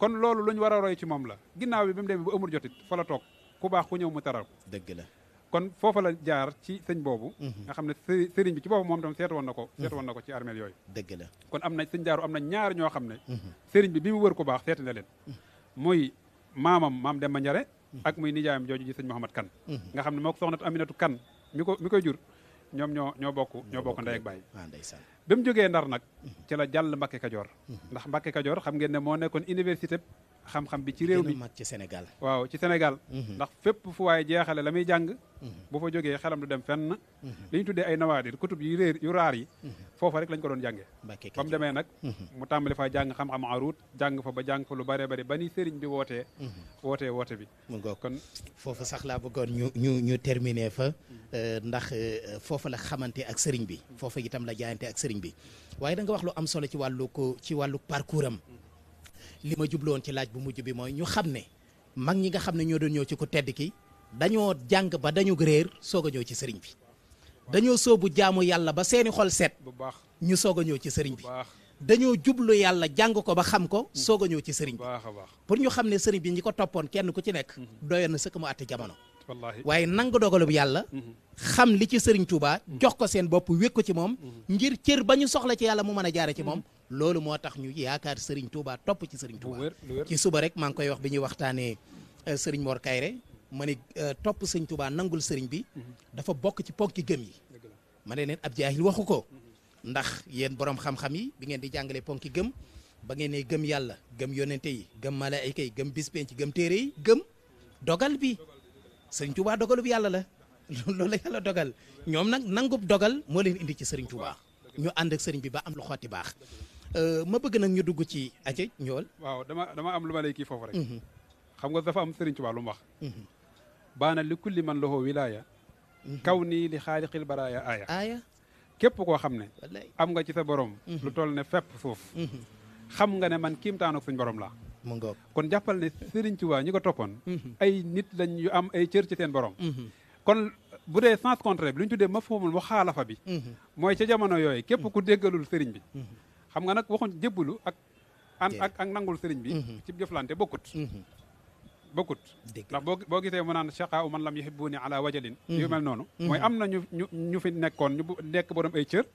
kon loolu lu ñu war a roy ci moom la ginnaaw bi bi mu demee ba amul jotit fa la toog ku baax ku ñëw mu taral ko la kon foofa la jaar ci sëñ boobu mhm. nga xam ne sëriñ bi ci boobu moom tam seet woon na ko seet woon ko ci armeel yooyu dëgg kon am na sëñ daaru am na ñaar ñoo xam ne mhm. sëriñ bi bi mu wër ku baax seet na leen mhm. muy maamam maam dem ma Njare ak muy nijaay nijaayam jooju ji sëñ Mouhamad Kan nga xam ne moo soxna soxnatu Aminatu Kan mi ko mi koy jur ñoom ñoo ñoo bokk ñoo bokk ndey ak baay ah, bi mu jógee ndar nag ci la jàll Mbàkke Kajoor ndax Mbàkke Kajoor xam ngeen ne moo nekkoon université xam-xam bi ci réew mi mag ci Sénégal waaw ci Sénégal mhm. ndax fépp fu waaye jeexale la muy jàng mhm. boo fa jógee xelam du dem fenn mhm. li ñu tuddee ay nawaadir kutub yu réer yu raar yi foofa rek lañ ko doon jàngee ba mu demee nag mu tàmbali faa jàng xam-xam aruut jàng fa ba jàng fa lu bare bare ba ni sëriñ bi wootee wootee woote bi mu ngoog kon foofa sax laa bëggoon ñu ñu ñu terminer fa euh, ndax euh, foofa la xamante ak sëriñ bi foofa itam la jaayante ak sëriñ bi waaye danga wax lu am solo ci wàllu ko ci wàllu parcours am li ma jubloon ci laaj bu mujj bi mooy ñu xam ne mag ñi nga xam ne ñoo doon ñëw ci ku tedd ki dañoo jàng ba dañu réer soog a ñëw ci sëriñ bi dañoo soobu jaamu yàlla ba seeni xol set ñu soog a ñëw ci sëriñ bi dañoo jublu yàlla jàng ko ba xam ko soog a ñëw ci sëriñ bi pour ñu xam ne sëriñ bi ñi ko toppoon kenn ku ci nekk mhm. doyoon na sëkk mu àtte jamono waaye nangu dogalu bu yàlla mhm. xam li ci sëriñ Touba mhm. jox ko seen bopp wékk ci moom ngir cër ba ñu soxla ci yàlla mu mën a jaare ci moom loolu moo tax ñu yaakaar Serigne Touba topp ci Serigne Touba ci suba rek maa ngi koy wax bi ñuy waxtaanee euh, Serigne Mor Kayre ma ne euh, topp Serigne Touba nangul sëriñ bi mhm. dafa bokk ci ponki gëm yi ma ne leen ab jaahil waxu ko mhm. ndax yéen boroom xam-xam yi bi ngeen di jàngalee ponki gëm ba ngeen gëm yàlla gëm yonente yi gëm malaayika yi gëm bispenc ci gëm téere yi gëm dogal bi Serigne Touba dogalub yàlla la loolu la yàlla dogal ñoom nag nangub dogal moo leen indi ci sëriñ Touba ñu ànd ak bi ba am lu baax Euh, ma bëgg nag ñu dugg ci aje ñool waaw dama dama am lu ma lay kii foofu rek mhm. xam nga dafa am Sëriñ Tuubaa lu mu wax mhm. baana li kulli man lahu wilaaya mhm. kaw nii li xaaliqil baraaya aaya aaya képp koo xam ne am nga ci sa borom lu toll ne fépp suuf xam nga ne man kiimtaanu suñ borom la mu kon jàppal ne Sëriñ Tuubaa ñu ko toppoon ay nit lañ am ay cër ci seen borom kon bu dee sens contraire bi lu ñu tuddee mafhumul muxaalafa bi mooy ca jamono yooyu képp ku déggalul sëriñ bi xam nga nag waxuñ jébbalu ak an ak ak nangul sëriñ bi mm-hmm. ci jëflante bokkut mm-hmm. bokkut ndax boo boo gisee mu naan chaqaa u man lam yuhibbuni ala wajalin mm-hmm. yu mel noonu mooy am na ñu ñu ñu fi nekkoon ñu nekk borom ay cër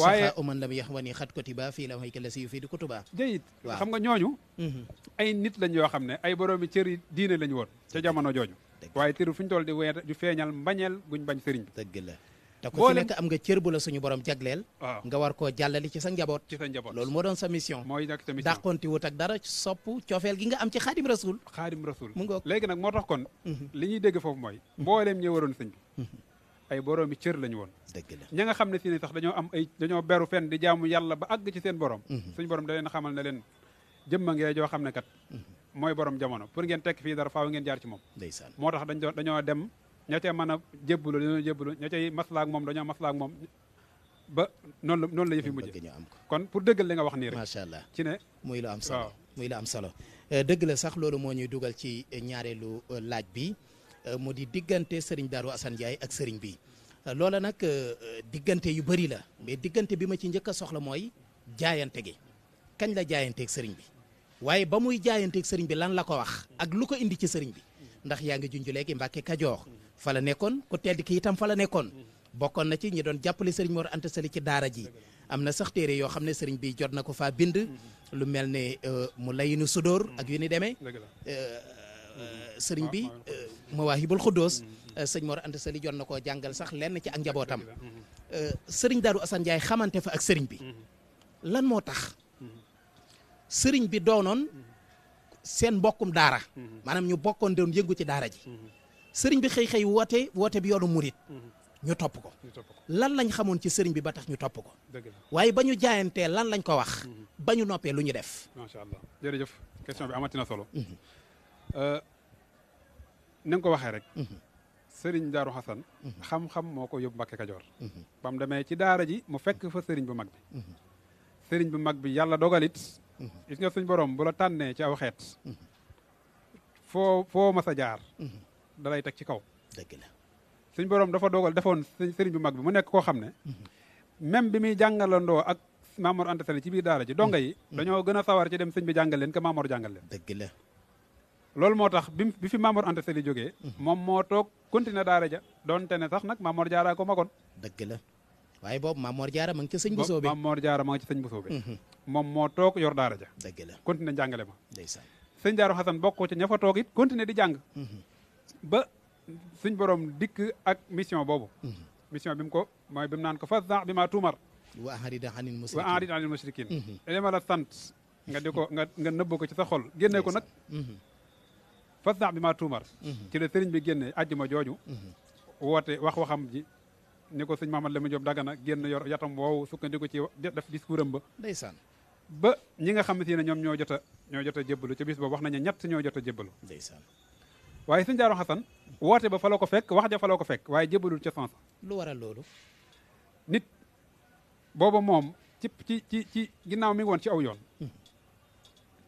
waaye chaqaa u man lam yahwani xat kotiba fii la hayka la si yu fii di kutuba jayit xam nga ñooñu ay nit lañ yoo xam ne ay boroomi cër yi diine lañ woon ca jamono jooju waaye tëru fu ñu toll di weer di feeñal mbañeel guñ bañ sëriñ bi la te ku fi am nga cër bu la suñu borom jagleel nga war koo jàllali ci sa njaboot ci sa njaboot loolu moo doon sa mission mooy nag sa mission dàqonti wut ak dara sopp coofeel gi nga am ci xaadim rasul xaadim rasul léegi nag moo tax kon mhm. li ñuy dégg foofu mooy mhm. mbooleem ñi waroon sëñ bi mhm. ay boroomi cër lañu woon dëgg la ña nga xam ne si ne sax dañoo am ay dañoo beru fenn di jaamu yàlla ba àgg ci seen borom suñu borom da leen xamal na leen jëmma ngee joo xam ne kat mooy borom jamono pour ngeen tekk fii dara faaw ngeen jaar ci moom ndeysaan moo tax dañ dañoo dem ña cay mën a jébbalu dañoo jébbalu ña cay maslaa ak moom dañoo maslaa ak moom ba noonu la noonu la yëf yi mujj kon pour dëggal li nga wax nii rek macha allah ci ne muy lu am solo muy lu am solo euh, dëgg la sax loolu moo ñuy dugal ci ñaareelu euh, laaj bi euh, mu di diggante sëriñ Darou Assane Ndiaye ak sëriñ bi loola nag diggante yu bëri la mais diggante bi ma ci njëkk a soxla mooy jaayante gi kañ la jaayanteeg sëriñ bi waaye ba muy jaayanteeg sëriñ bi lan la ko wax ak lu ko indi ci sëriñ bi ndax yaa ngi junj léegi Mbàkke Kajoor fa la nekkoon ku tedd ki itam fa la nekkoon bokkoon na ci ñi doon jàppale sëriñ Mor Anta Sali ci daara ji am na sax téere yoo xam ne sëriñ bi jot na ko faa bind lu mel ni euh, mu layinu sudóor ak yu ni demee euh, euh, sëriñ bi mawaahibul xuddoos sëñ Mor Anta Sali jot na koo jàngal sax lenn ci ak njabootam mm-hmm. sëriñ Daaru Assane Ndiaye xamante fa ak sëriñ bi mm-hmm. lan moo tax mm-hmm. sëriñ bi doonoon seen mbokkum daara maanaam ñu bokkoon doon yëngu ci daara ji sëriñ bi xëy xëy woote woote bi yoonu murit mm-hmm. ñu topp ko lan lañ xamoon ci sëriñ bi ba tax ñu topp ko waaye ba ñu jaayantee lan lañ ko wax mm-hmm. ba ñu noppee lu ñu def macha allah jërëjëf question bi amatina solo mm-hmm. euh, ni ko waxee rek sëriñ daaru xasan xam-xam moo ko yóbbu Mbàkke Kajoor demee ci daara ji mu fekk fa sëriñ bu mag bi sëriñ bu mag bi yàlla dogalit gis nga suñ borom bu la tànnee ci aw xeet foo foo a jaar dalay teg ci kaw. dëgg la suñ borom dafa doogal defoon sëriñ bu mag bi mu nekk koo xam ne. Mhm. même bi muy jàngalandoo ak Mamor Anta Sali ci biir daara ji donga yi. Mhm. dañoo gën a sawar ci dem sëñ bi jàngal leen que Mamor jàngal leen. dëgg la loolu moo tax bi bi fi Mamor Anta Sali jógee. Mhm. moom moo toog continué daara ja donte ne sax nag Mamor Jaara ko magoon. dëgg la waaye boobu Mamor Jaara ma ngi ci sëñ bu soobee Mamor Jaara ma ngi ci moom moo toog yor daara ja. dëgg la continué jàngale ma. ndeysaan sëñ Jaaro Xasan bokk ci ña toog it continué di jàng. ba suñ borom dikk ak mission boobu mhm. mission bi ko mooy bi mu naan ko fasda bi maa tuumar wa arid anil mushrikin wa arid mhm. sant nga di ko nga nga nëbb ko ci sa xol génne ko nag mhm. fasda bi maa tuumar ci la sëriñ bi génne àjjuma jooju woote wax waxam ji ni ko sëñ Mahamad Lamine Diop Dagana génn yor yatam woowu sukkandiku ci def discours am ba ndeysaan ba ñi nga xam ne ñoom ñoo jot a ñoo jot a jébbalu ca bis boobu wax nañu ñett ñoo jot a jébbalu ndeysaan waaye sëñ Daaru Xasan woote ba fa ko fekk wax ja ko fekk waaye jébalul ca sansa lu waral loolu nit booba moom ci ci ci ci ginnaaw mi woon ci aw yoon hmm.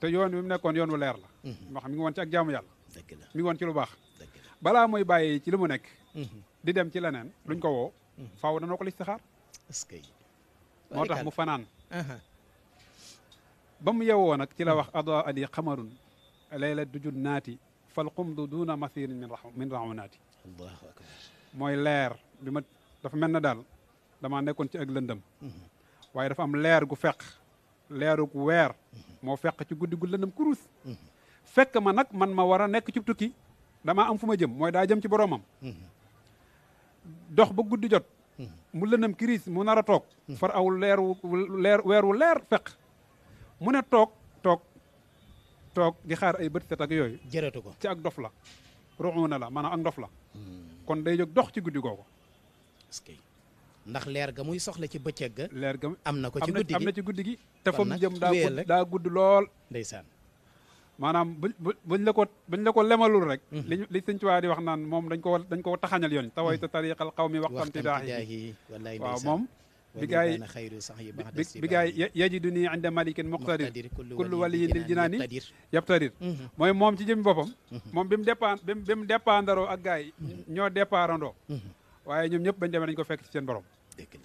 te yoon wi mu nekkoon yoon wu leer la wax hmm. mi ngi woon ci ak jaamu yàlla mi woon ci lu baax balaa mooy bàyyi ci li mu nekk hmm. di dem ci leneen luñ ko woo faaw danoo ko listixaar moo tax mu fanaan uh-huh. ba mu yewoo nag ci la wax ada ali xamarun layla dujud naati fal xumdu duuna mathirin min min raxunaati allahu akbar mooy leer bi dafa mel na daal damaa nekkoon ci ak lëndëm mhm. waaye dafa am leer gu feq leeru gu weer mhm. moo feq ci guddi gu lëndëm kurus mhm. fekk ma nag man ma war a nekk ci tukki dama am fu ma jëm mooy daa jëm ci boroomam dox ba guddi jot mu lëndëm kiris mu nar a toog far aw leer weer wu leer feq mu ne toog toog di xaar ay bët set ak yooyu. jërëtu ko ci ak dof la. ruuna la maanaam ak ndof la. Hmm. kon day jóg dox ci guddi googu. ndax leer ga muy soxla ci bëccëg ga. leer ga am na ko ci guddi gi am na ci guddi gi. te fa mu jëm daa gudd daa gudd lool. ndeysaan. maanaam bu buñ la ko buñ ko lemalul rek. Hmm. li li sëñ Tuubaa di wax naan moom dañ ko dañ ko taxañal yoon. Hmm. tawaytu tariqal xaw mi waxtaan ci daax yi waaw moom. bigaay bigaay yajiduni inda malikin muqtadir kullu waliyin lil jinaani yabtadir mhm. mooy moom ci jëmi boppam mhm. moom bi mu dépend bi mu dépendaroo ak gars yi mhm. ñoo départandoo waaye ñoom ñëpp bañ demee dañu ko fekk ci seen borom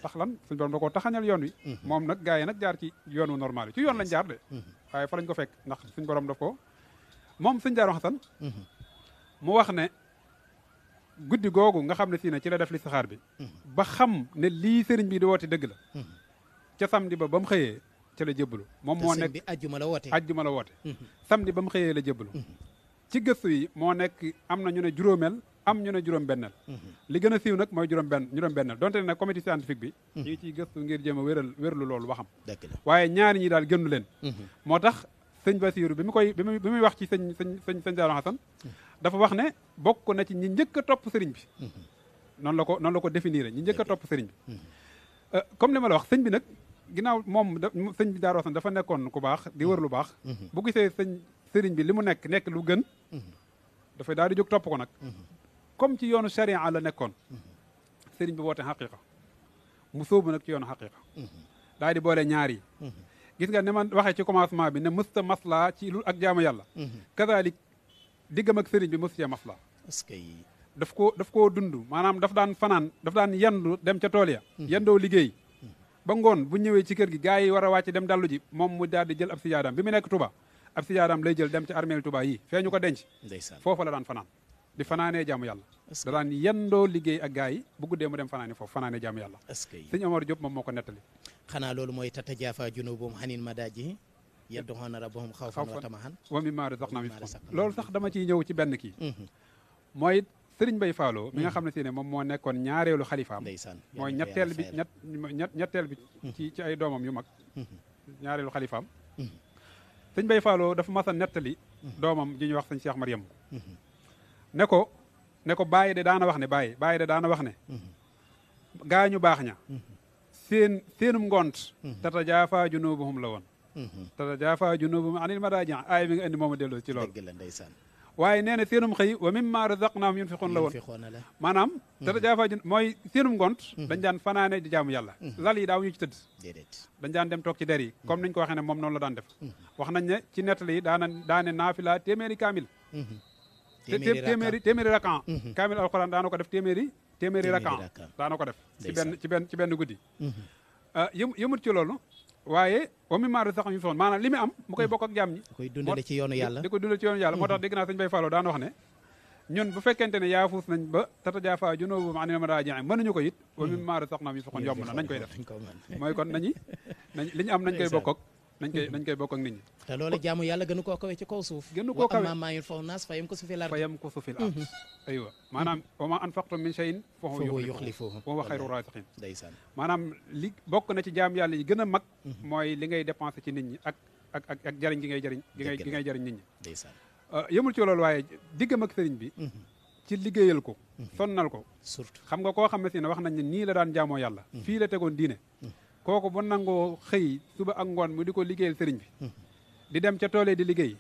tax lan suñu borom da koo yoon wi moom nag gars yi nag jaar ci yoon wu normal yi ci yoon lañ jaar de waaye fa ko fekk ndax suñu borom daf ko moom suñ jaar waxtan mu wax ne guddi googu nga xam ne si na ci la def li saxaar bi ba xam ne lii sëriñ bi di woote dëgg la hmm. ca samedi ba ba mu xëyee ca la jébbalu moom moo nekk ajjuma la woote ajjuma la woote hmm. samedi ba mu xëyee la jébbalu hmm. ci gëstu yi moo nekk am na ñu ne juróomeel am ñu ne juróom benneel li gën a siiw nag mooy juróom benn juróom benneel donte ne nag comité scientifique bi ñu ngi ciy gëstu ngir jéem a wéral wérlu loolu waxam waaye ñaari ñi daal gënnu leen moo tax sëñ Basiiru bi mu koy bi muy wax ci sëñ sëñ sëñ Daaru Xasan dafa wax ne bokk na ci ñi njëkk topp sëriñ bi mhm. noonu la ko noonu la ko rek ñi njëkk a topp sëriñ bi mhm. Mhm. Euh, comme li ma la wax sëñ bi nag ginnaaw moom sëñ bi daaru dafa nekkoon ku baax di wër lu baax bu gisee sëñ sëriñ bi li mu nekk nekk lu gën dafay daal di jóg topp ko nag comme ci yoonu charia la nekkoon sëriñ bi woote xaqiqa mu sóobu nag ci yoonu xaqiqa daal di boole ñaar yi gis nga ne man waxee ci commencement bi ne mësta masla ci lu ak jaamu yàlla kazalik diggam ak sëriñ bi mos cee maslaa daf ko koo dund maanaam daf daan fanaan daf daan yandu dem ca tool ya mhm. yendoo liggéey mhm. ba ngoon bu ñëwee ci kër gi gars yi war a wàcc dem dallu ji moom mu daal jël ab sijaadaam bi mu nekk Touba ab sijaadaam lay jël dem ca armeel Touba yi fee ñu ko denc foofu la daan fanaan di fanaanee jaamu yàlla da daan yendoo liggéey a gars yi bu guddee mu dem fanaane foofu fanaanee jaamu yàlla sëñ Omar Diop moom moo ko nettali xanaa loolu mooy tata jaafa junuubum hanin madaaji yad'uuna rabbahum xawfan wa tamaan wa mimmaa razaqnaahum yunfiquun loolu sax dama ciy ñëw ci benn ki mhm. mooy Sëriñ Bay Faalo mi nga mhm. xam ne si ne moom moo nekkoon ñaareelu xalifaam mooy ñetteel bi ñetteel bi mhm. ci ci ay doomam yu mag ñaareelu xalifaam Sëriñ Bay Faalo dafa mas nettali doomam ji ñuy wax sëñ seex Mariam ne ko ne bàyyi de daana wax ne bàyyi bàyyi de daana wax ne gaa baax ña seen seenum ngont tata jaafa junubuhum la woon tatajaafaa junubuhum anil madaaji' aaya bi nga indi mooma delloo ci loolu dëgg la ndeysaan waaye nee na seenum xëy wa mimmaa razaqnaahum yunfiquun la woon maanaam tatajaafaa mhm. jun mooy seenum ngont mhm. dañ daan fanaane di jaamu yàlla mhm. lal yi daaw ñu ci tëdd déedéet dañ daan dem toog ci der yi comme niñ ko waxee ne moom noonu la daan def wax nañ ne ci nettali yi daana daane naafila téeméeri kaamil téeméeri téeméeri rakan kaamil alxuraan daana ko def téeméeri téeméeri rakan daana ko def ci benn ci benn ci benn guddi euh, yëmut ci loolu waaye wa mi maaro sax ñu soon maanaam li am mu koy bokk ak jaam ñi koy dundale ci yoonu yàlla di ko dundale ci yoonu yàlla moo tax dégg naa sëñ Bay Fallou daan wax ne ñun bu fekkente ne yaafuus nañ ba tatajaafaa junuubuhum anil madaaji' mënuñu ko it wa mi maaro sax na ñu soxoon yomb na nañ koy def mooy kon nañu nañ li am nañ koy bokk nañ koy nañ koy bokk ak nit ñi te loola jaamu yàlla gënu koo kawe ci kaw suuf gënu koo kawe mhm. wa ammaa maa yunfa'u naas fa yamkusu fil ardi fa maanaam bokk na ci jaam yàlla yi gën a mag mhm. mooy li ngay dépensé ci nit ñi ak ak jariñ gi ngay jariñ gi ngay gi ngay jëriñ nit ñi ndeysaan euh, yëmul ci loolu waaye diggam ak sëriñ bi mhm. ci liggéeyal ko sonnal ko surtout xam nga koo xam ne wax nañ ne nii la daan jaamoo yàlla fii la tegoon diine kooku bon nangoo xëy suba ak ngoon mu di ko liggéeyal sëriñ bi hmm. di dem ca toolee di liggéey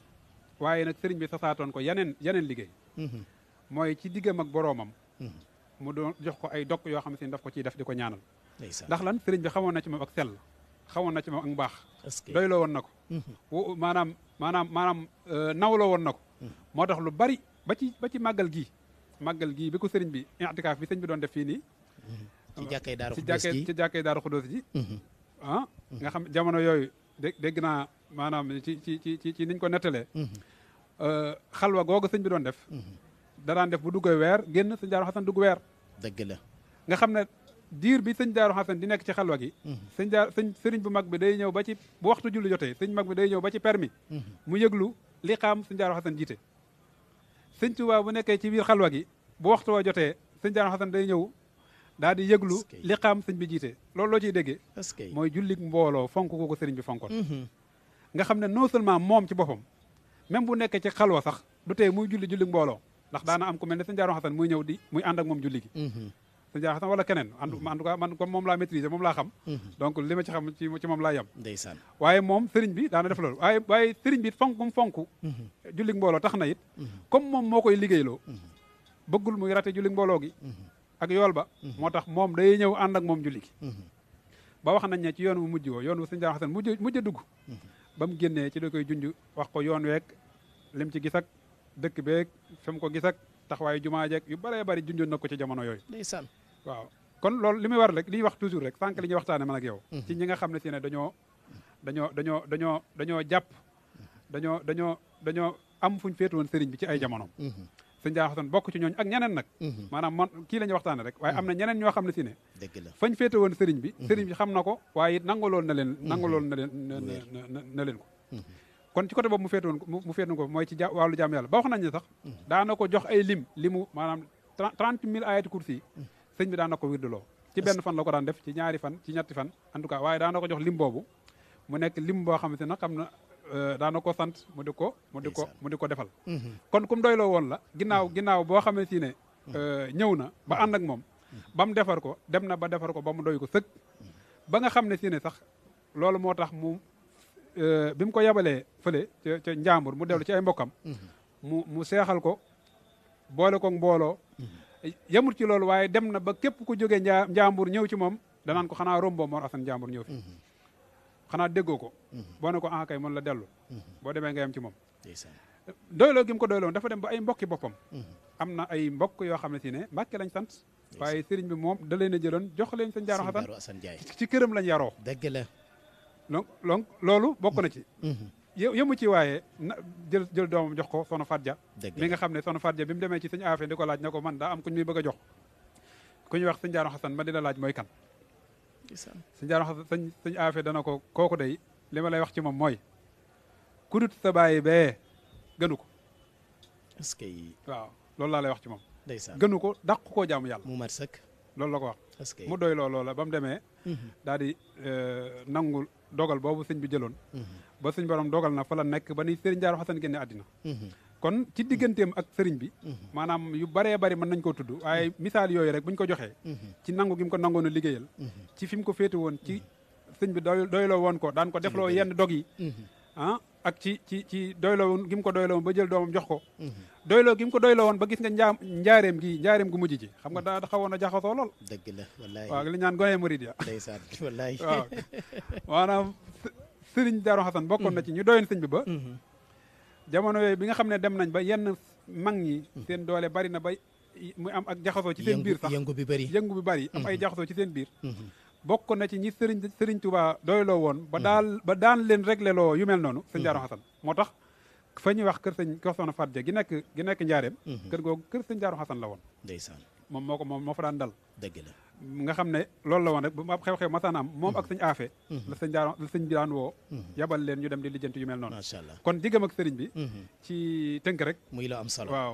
waaye nag sëriñ bi sasaatoon ko yeneen yeneen liggéey hmm. mooy ci diggam ak boroomam hmm. mu doo jox ko ay dog yoo xam ne daf ko ciy def di ko ñaanal ndax lan sëriñ bi xamoon na ci moom ak sell xamoon na ci moom ak baax doyloo woon na ko maanaam maanaam maanaam euh, nawloo woon na ko moo tax lu bari ba ci ba ci màggal gi màggal gii bi ko sëriñ bi i'tikaaf bi sëriñ bi doon def fii nii ci jàkkee daar xudóos ji ci jàkkee daaru xudóos ji mm-hmm. ah, nga xam jamono yooyu dé dégg naa maanaam ci ci ci ci niñ ko nettalee mm-hmm. euh, xalwa googu sëñ bi doon def mm-hmm. daraan def bu duggee weer génn sëñ daaru xasan dugg weer dëgg nga xam ne diir bi sëñ daaru xasan di nekk ci xalwa gi sëñ daar sëñ sëriñ bu mag bi day ñëw ba ci bu waxtu julli jotee sëñ mag bi day ñëw ba ci permis mu yëglu li xaam sëñ daaru xasan jiite sëñ Tuubaa bu nekkee ci biir xalwa gi bu waxtu wa jotee sëñ daaru xasan day ñëw daal di yëglu li xam sëñ bi jiite lool loo ciy déggee mooy jullik mbooloo fonk ko ko sëriñ bi fonkoon mm-hmm. nga xam ne non seulement moom ci boppam même bu nekkee ci xalwa sax du tey muy julli jullik mbooloo ndax daana am ku mel ne sëñ Jaaro Xasan muy ñëw di muy ànd ak moom julli gi mm-hmm. sëñ Jaaro Xasan wala keneen mm-hmm. en tout cas man comme moom laa maîtriser moom laa xam donc li ma ci xam moom laa yem waaye moom sëriñ bi daana def loolu waaye waaye sëriñ bi it fonkum jullik mbooloo tax na it comme moom moo koy liggéeyloo bëggul muy rate jullik mbooloo gi ak yool ba mhm. moo tax moom day ñëw ànd moom julli gi mhm. ba wax nañ ne ci yoon wu mujj woo yoon wu sëñ Daaru Xasan mujj mujj dugg mhm. ba mu génnee ci la koy junj wax ko yoon week lim ci gis ak dëkk beeg fi ko gis ak taxawaayu jumaa jeeg yu bëree bëri junjoon na ko ci jamono yooyu ndeysaan waaw kon lool li muy war lek li wax toujours rek sànq li ñuy waxtaane man ak yow ci ñi nga xam ne si dañoo dañoo dañoo dañoo dañoo jàpp dañoo dañoo dañoo am fuñ féetu woon sëriñ bi ci ay jamonoom sëñ jaaxasoon bokk ci ñooñu ak ñeneen nag mhm. maanaam man kii la ñuy waxtaane rek waaye mhm. am na ñeneen ñoo xam ne si ne fañ woon sëriñ bi mhm. sëriñ bi xam na ko waaye it nangaloon na leen nangaloon na ko kon ci côté boobu mu féete woon ko mooy ci wàllu jaam yàlla ba wax nañ ne sax daana ko jox ay lim limu maanaam trente mille ayati kursi yi bi daana ko wirduloo ci benn fan la daan def ci ñaari fan ci ñetti fan en tout cas waaye daana ko jox lim boobu mu nekk lim boo ne na Euh, daana ko sant mu di ko mu di ko mu di ko defal mhm. kon kum doyloo woon la ginnaaw ginnaaw boo xamee si ne mhm. euh, ñëw na ba mhm. ànd ak moom ba mu defar ko dem na ba defar ko ba mu doy ko sëkk ba nga xam ne si ne sax loolu moo tax mu euh, bi mu ko yabalee fële ca ca njàmbur mu dellu ci ay mbokkam mu seexal ko boole ko mbooloo yemul ci loolu waaye dem na ba képp ku jógee njaa njàmbur ñëw ci moom danaan ko xanaa romboo moo Assane njàmbur ñëw fi xanaa déggoo ko mhm. boo ne ko ah kay mën la dellu mhm. boo demee nga yem ci moom doyloo gi mu ko doyloo dafa dem ba ay mbokki boppam mhm. am na ay mbokk yoo xam ne si ne lañ sant waaye sëriñ bi moom da leen a jëloon jox leen sëñ Jaaro Xasan ci këram lañ yaroo dëgg la donc donc loolu bokk na ci yëmu ci waaye na jël jël doomam jox ko sono Fatja mi nga xam ne soonu Fatja bi mu demee ci sëñ Afe di ko laaj na ko man daa am ku ñu muy bëgg a jox ku ñuy wax sëñ Jaaro Xasan ma di laaj mooy kan suñ daan wax sañ sañ aafe dana ko kooku day li ma lay wax ci moom mooy ku dut sa baay bee gënu ko est loolu laa lay wax ci moom ndeysaan gënu ko daq koo jaamu yàlla mu mat sëkk loolu la ko wax mu doy loo loola ba mu demee mhm. daal di euh, nangu dogal boobu sëñ bi jëloon mhm. ba suñ borom dogal na fa la nekk ba ni sëriñ Daaru Xasan génne àddina mhm. kon ci digganteem ak sëriñ bi mhm. maanaam yu baree bari mën nañ koo tudd waaye mhm. misaal yooyu rek bu ñu ko joxee mhm. ci nangu gi ko nangoon a liggéeyal ci fi mu ko féete woon ci sëñ bi doy doyloo woon ko daan ko defloo yenn dog yi ah ak ci ci ci doyloo woon gi ko doyloo woon ba jël doomam jox ko doyloo gi mu ko doyloo woon ba gis nga njaa njaareem gi njaareem gu mujj ci xam nga daa xawoon a jaxasoo lool dëgg la wallaay waaw li ñaan gone murid ya ndeysaan wallaay waaw maanaam sëriñ Daaru Xasan bokkoon na ci ñu doyoon sëñ bi ba jamono yooyu bi nga xam ne dem nañ ba yenn mag ñi seen doole bari na ba muy am ak jaxasoo ci seen biir sax yëngu bi bari yëngu bi bari am ay mhm. jaxasoo ci seen biir mhm. bokk na ci ñi sëriñ sëriñ tubaa doyloo woon ba daal ba daan leen réglé loo yu mel noonu sëñ Jaaro Xasan mhm. moo tax fa ñu wax kër sëñ kër soxna Faat gi nekk gi nekk njaareem kër googu kër sëñ Jaaro Xasan la woon ndeysaan moom moo ko moom moo fa daan dal dëgg la nga xam ne loolu la woon rek bu ma xew-xew masaanaam moom ak mm-hmm. sëñ aafe mm-hmm. la sëñ daan woo mm-hmm. yabal leen ñu dem di lijjanti yu mel noonu macha allah kon diggam ak sëriñ bi rek muy la am solo waaw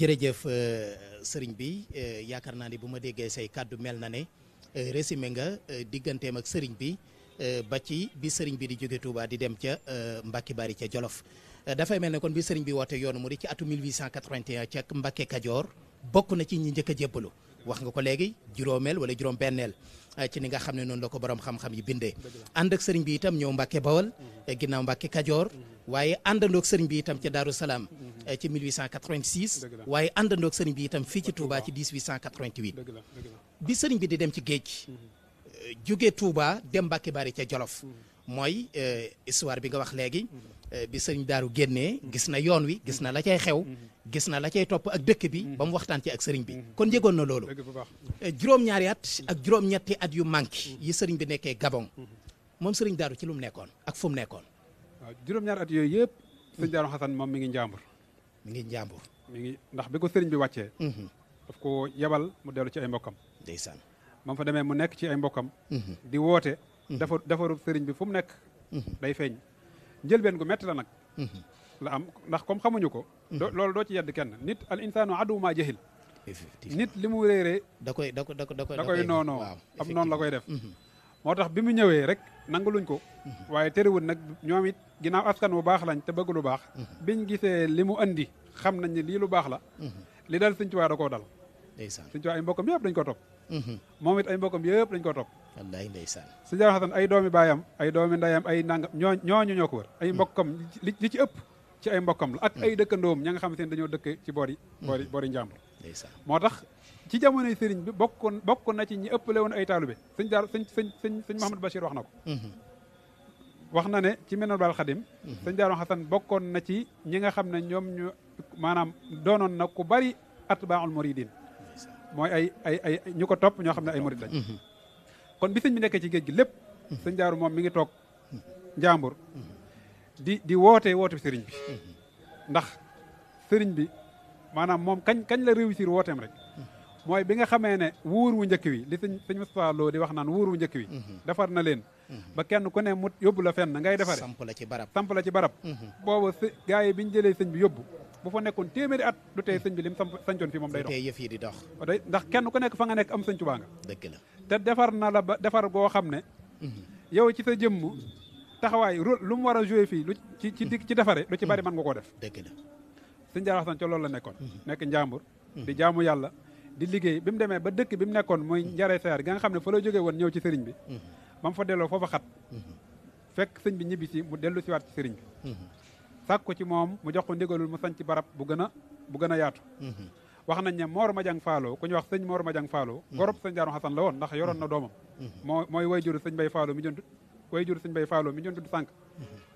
jërëjëf euh, sëriñ bi euh, yaakaar naa ni bu ma déggee say kàddu mel na ne euh, résumé nga digganteem ak sëriñ bi ba ci bi sëriñ bi di jóge Touba di dem ca Mbacke Bari ca Jolof dafay mel ne kon bi sëriñ bi woote yoonu mu di ci atu 1881 ca Mbacke Kajoor bokk na ci ñu njëkk a wax nga ko léegi juróomeel wala juróom benneel eh, ci ni nga xam ne noonu la ko borom xam-xam yi bindee ànd sëriñ bi itam ñëw Mbàkke Bawal eh, ginnaaw Mbàkke Kajoor waaye àndandoog sëriñ bi itam ca Daaru eh, waaye àndandoog sëriñ bi itam fii ci Touba ci bi sëriñ bi di dem ci géej jóge Touba dem Mbàkke Bari ca Jolof mooy euh, histoire bi nga wax léegi euh, bi sëñ daaru génne gis na yoon wi gis na la cay xew gis na la cay topp ak dëkk bi ba mu waxtaan ci ak sëriñ bi kon yëgoon na loolu euh, juróom-ñaari at ak juróom-ñetti at yu manqué yi sëriñ bi nekkee Gabon moom sëriñ daaru ci lu mu nekkoon ak fu mu nekkoon juróom ñaar at yooyu yëpp sëñ daaru xasan moom mi ngi njàmbur mi ngi njàmbur ndax bi ko sëriñ bi wàccee mhm. daf ko yebal mu dellu ci ay mbokkam ndeysaan fa demee mu nekk ci ay mbokkam mhm. Mm-hmm. defar defarub sëriñ bi fu mu nekk mm-hmm. day feeñ njëlbeen gu metti la nag mm-hmm. la am ndax comme xamuñu ko loolu doo ci yedd kenn nit al insaanu adu maa jahil nit li mu réeree da koy da koy da koy da koy noonoo am noonu la koy def moo tax bi mu ñëwee rek nanguluñ ko waaye terewul nag ñoom it ginnaaw askan wu baax lañ te bëgg lu baax biñ gisee li mu andi xam nañ ne lii lu baax la li dal Sëñ Tuubaa da ko dal Sëñ Tuubaa ay mbokkam yëpp dañ ko topp Mm-hmm. moom it ay mbokkam yëpp dañ ko toog wallaay ndeysaan si jaw xasan ay doomi baayam ay doomi ndayam ay nangam ñoo ñooñu ñoo ko wër ay mm-hmm. mbokkam li ci ëpp ci ay mbokkam la ak ay mm-hmm. dëkkandoom ña nga xamante ne dañoo dëkk ci boori boori boori njàmbur moo tax ci jamonoy sëriñ bi bokkoon bokk na ci ñi ëppale woon ay taalube sëñ daar sëñ sëñ sëñ sëñ Mouhamadou wax na ko wax na ne ci meneen baal xadim sëñ daaron xasan bokkoon na ci ñi nga xam ne ñoom ñu maanaam doonoon na ku bari atbaaul muridin mooy ay ay ay ñu ko topp ñoo xam ne ay murid lañ mm-hmm. kon bi sëñ bi nekkee ci géej gi lépp mm-hmm. sëñ jaaru moom mi ngi toog mm-hmm. njàmbur di di woote woote bi sëriñ bi ndax sëriñ bi maanaam moom kañ kañ la réussir wooteem rek mooy bi nga xamee ne wuur wu njëkk wi di sëñ sëñ Moustapha Lo di wax naan wuur wu njëkk wi defar na leen ba kenn ku ne mu yóbbu la fenn ngay defare samp la ci barab samp la ci barab boobu si bi ñu jëlee sëñ bi yóbbu bu fa nekkoon téeméeri at du tey sëñ bi lim sancoon fi moom day dox tey yëf yi di dox day ndax kenn ku nekk fa nga nekk am sëñ Tuubaa nga te defar na la ba defar goo xam ne mhm. yow ci sa jëmm taxawaay rôle lu mu war a joué fii lu ci ci ci defare lu ci bari mhm. mën nga koo def dëgg la sëñ Jaara Xasan loolu la nekkoon mhm. nekk njàmbur di jaamu yàlla di liggéey bi mu demee ba dëkk bi mu nekkoon mooy njare saar gi nga xam ne fa la jógee woon ñëw ci sëriñ bi ba mu fa delloo foofa xat fekk sëñ bi ñibbi si mu dellu siwaat ci sëriñ bi sàkku ci moom mu jox ko ndigalul mu sanc barab bu gën a bu gën a yaatu mhm. wax nañ ne Mor Madiang Fallo ku ñuy wax sëñ Mor Madiang Fallo mhm. gorob sëñ Daaru Xasan la woon ndax yoroon na doomam mhm. moo mooy way juru sëñ Bay Fallo mi jënd way juru sëñ Bay Fallo mi jënd sànq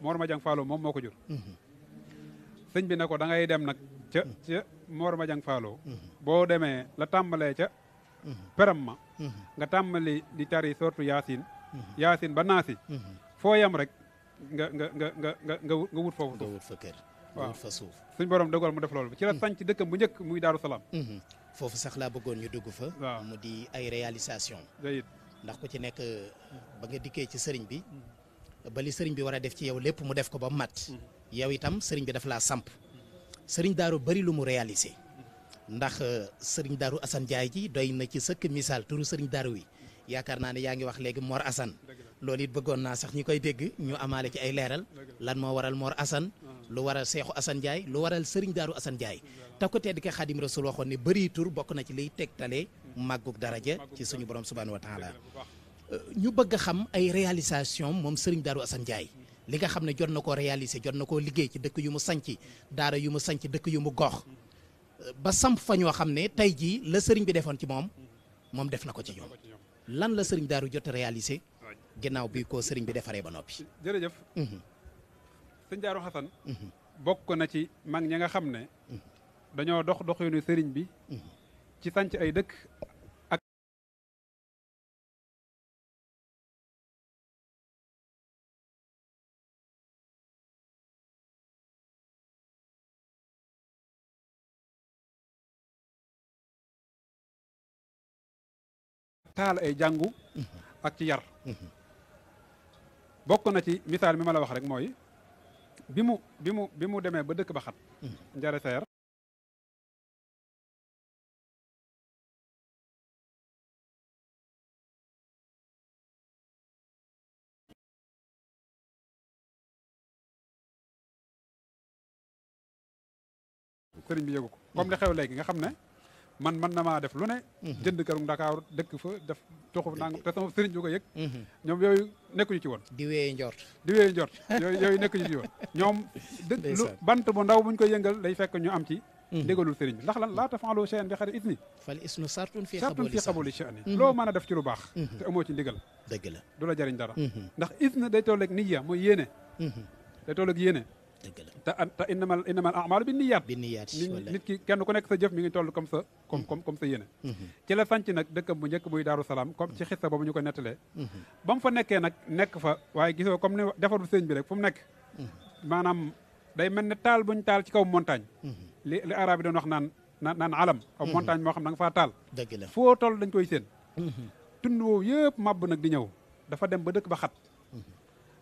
Mor Madiang Fallo moom moo ko jur sëñ bi ne ko dangay dem nag ca ca Mor Madiang Fallo boo demee la tàmbalee ca peram ma nga tàmbali di tari sortu yaasin yaasin ba naasi foo yam rek nga nga nga nga nga nga wut foofu. nga wut fa kër nga wut fa suuf. suñ borom dogal mu def loolu. ci la mm. sànc dëkkam bu njëkk muy Daaru Salaam. Mm-hmm. foofu sax laa bëggoon ñu dugg fa. mu di ay réalisation ndax ko ci nekk uh, ba nga dikkee ci sëriñ bi. Mm. ba sëriñ bi war a def ci yow lépp mu def ko ba mat. Mm. yow itam sëriñ bi daf laa samp. sëriñ daaru bari lu mu réalisé. ndax uh, sëriñ daaru Assane Ndiaye ji doy na ci sëkk misaal turu sëriñ daaru wi. yaakaar naa ne yaa ngi wax léegi Mor Assane loolu it bëggoon naa sax ñi koy dégg ñu amaale ci ay leeral lan moo waral Mor Assane ah. lu waral Seexu Assane Ndiaye lu waral Serigne Darou Assane Ndiaye te ko tedd ki Xaadim Rasul waxoon ne bëri tur bokk na ci liy tegtale hmm. màggug daraja ci suñu borom subhanahu wa taala euh, ñu bëgg xam ay réalisation moom sëriñ Darou Assane Ndiaye hmm. li nga xam ne jot na koo réaliser jot na koo liggéey ci dëkk yu mu sanc daara yu mu sanc dëkk yu mu gox hmm. euh, ba samp fa ñoo xam ne tey jii la sëriñ bi defoon ci moom moom def na lan la sëriñ daaru jot a réalisé ginnaaw bi ko sëriñ bi defaree ba noppi jërëjëf mhm. sëriñ daaru xasan mhm. bokk na ci mag ñi nga xam ne mhm. dañoo dox doxinu sëriñ bi ci sanc ay dëkk taal ay jàngu mhm. ak ci yar mhm. bokk na ci misaal mi ma la wax rek mooy bi mu bi mu bi mu demee ba dëkk ba xat mhm. njare sayer sëriñ bi yëgu ko li xew léegi nga xam ne man man na maa def lu ne mhm. jënd këru Ndakaaru dëkk fa def toxu nang te sama sëriñ bi ko yëg mhm. ñoom yooyu nekkuñu ci woon di njoor njort di weeye njort yooyu yooyu nekkuñu ci woon ñoom lu bant bu ndaw buñ koy yëngal day fekk ñu am ci mhm. ndigalul sëriñ bi ndax lan laa tafaalu shay'an bi xayri idni fal isnu sartun fi xaboli sha'ni loo mën a def ci lu baax te amoo ci ndigal dëgg du la jariñ dara ndax idni day toll ak niyya mooy yéene day toll ak yéene dëgg la te te innamal innamal amalu bi niyaat bi niyaat nit ki kenn ku nekk sa jëf mi ngi toll comme sa comme comme comme sa yéene mm-hmm. ci la sànc nag dëkkam bu njëkk buy daaru salaam comme ci xista boobu ñu ko nettalee mm-hmm. ba mu fa nekkee nag nekk fa waaye gisoo comme ni defarul sëñ bi rek fu mu nekk mm-hmm. maanaam day mel ne taal buñ taal ci kaw montagne li li arab doon wax naan naan naan alam aw montagne moo xam da nga faa taal dëgg la foo toll dañ koy seen tund woowu yëpp màbb nag di ñëw dafa dem ba dëkk ba xat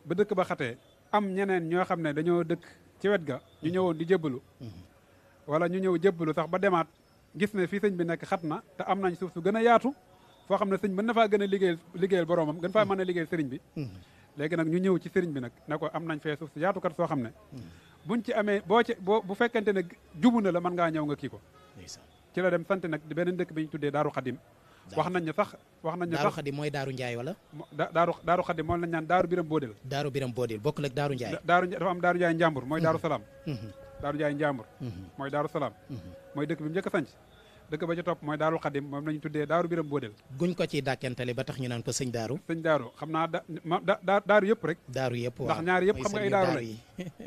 ba dëkk ba xatee am ñeneen ñoo xam ne dañoo dëkk ci wet ga ñu ñëwoon di jébbalu wala ñu ñëw jébbalu sax ba demaat gis ne fii sëñ bi nekk xat na te am nañ suuf su gën a yaatu foo xam ne sëñ mën na faa gën a liggéeyal liggéeyal boroomam gën faa mën a liggéeyal sëriñ bi léegi nag ñu ñëw ci sëriñ bi nag ne ko am nañ fee suuf su yaatukat soo xam ne buñ ci amee boo ci boo bu fekkente ne jubu na la mën ngaa ñëw nga kii ko ci la dem sant nag beneen dëkk bi ñu tuddee Daaru Xadim wax nañ ñu sax wax nañ ñu sax daaru xadi mooy daaru njaay wala daaru daaru xadi moom lañ naan daaru biram boodil daaru biram boodil bokk ak daaru njaay daaru dafa am daaru njaay njàmbur mooy daaru mhm. salaam mhm. daaru njaay njàmbur mhm. mooy daaru salaam mooy dëkk bi njëkk a sanc dëkk ba ca topp mooy daarul xadim moom lañu tuddee daaru biram boodel guñ ko ci dàkkentale ba tax ñu naan ko sëñ daaru sëñ daaru xam naa da daaru yëpp rek daaru yëpp waaw ndax ñaari yëpp xam nga ay daaru lañ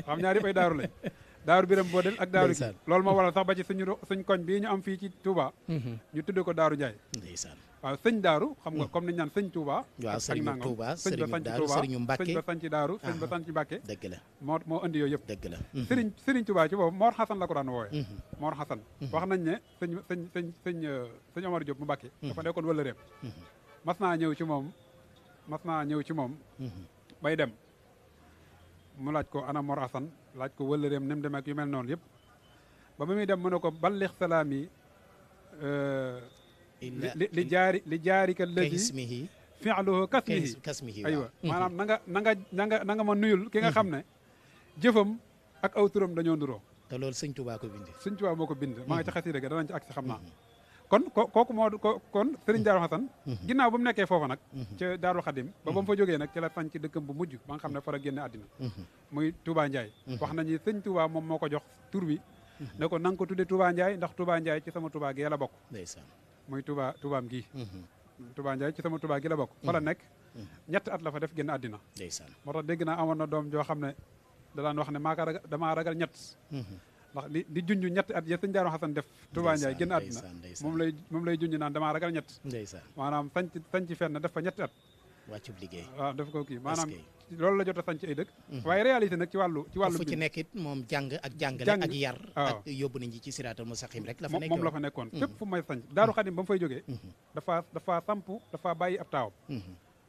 xam ñaari yëpp ay daaru lañ daaru biram boodel ak daaru gi loolu moo waral sax ba ci suñu suñ koñ bii ñu am fii ci Touba mhm. ñu tudde ko daaru Njaay ndeysaan waaw sëñ daaru xam nga mm. comme ni ñu naan sëñ Touba waaw sëriñu Touba sëriñ ba sanc Touba sëriñ ba sanc daaru sëñ ba sanc Mbàkke dëgg la moo moo indi yooyu yëpp dëgg la mhm. sëriñ sëriñ Touba ci boobu Mor Xasan la ko daan wooye mhm. Mor Xasan wax nañ ne sëñ sëñ sëñ sëñ euh, sëñ Omar Diop mu Mbàkke dafa nekkoon wala réem mas naa ñëw ci moom mas naa ñëw ci moom bay dem mu laaj ko ana Mor Asan laaj ko wëllëreem ni mu demee ak yu mel noonu yëpp ba mu muy dem mu ne ko ballix salaam yi li li jaari li jaarika ladi fi'luhu kasmihi aywa maanaam mm-hmm. na nga na nga na nga na nga ma nuyul ki nga mm-hmm. xam ne jëfam ak aw turam dañoo nduroo te loolu sëñ Tuubaa ko bind sëñ Tuubaa moo ko bind maa ngi ci mm-hmm. xasida ga danañ ci agsi xam naa kon ko kooku moo ko kon Serigne Darou Hassane mm-hmm. Mm-hmm. ginnaaw ba mu nekkee foofa nag mm-hmm. ca Daarul Xadim ba ba mu fa jógee nag ci la ci dëkkam bu mujj ba nga xam ne fa la génne àddina muy Touba Ndiaye wax nañu sëñ Touba moom moo ko jox tur bi ne ko nanga ko tudde Touba Ndiaye ndax Touba Ndiaye ci sama Touba gi la bokk muy Touba Toubaam gii Touba Ndiaye ci sama Touba gi la bokk fa la nekk ñett at la fa def génn àddina moo tax dégg naa amoon na doom joo xam ne da daan wax ne maa ko ragal damaa ragal ñett ndax li li junj ñetti at ya sëñ Daaru Xasan def Touba Ndiaye génn àdduna moom lay moom lay junj naan damaa ragal ñett maanaam sanc fenn def fa ñetti at wàccub liggéey waaw daf ko kii maanaam loolu la jot a sanc ay dëkk mhm. waaye réalité nag ci wàllu ci wàllu fu ci nekk it moom jàng ak jàngale ak yar ak yóbbu nañ ci siraatal mustaqim rek la fa nekkoon moom la fa nekkoon mhm. fépp fu may sanc Daaru Xadim ba mu fay jógee mhm. dafa dafa samp dafa bàyyi ab taawam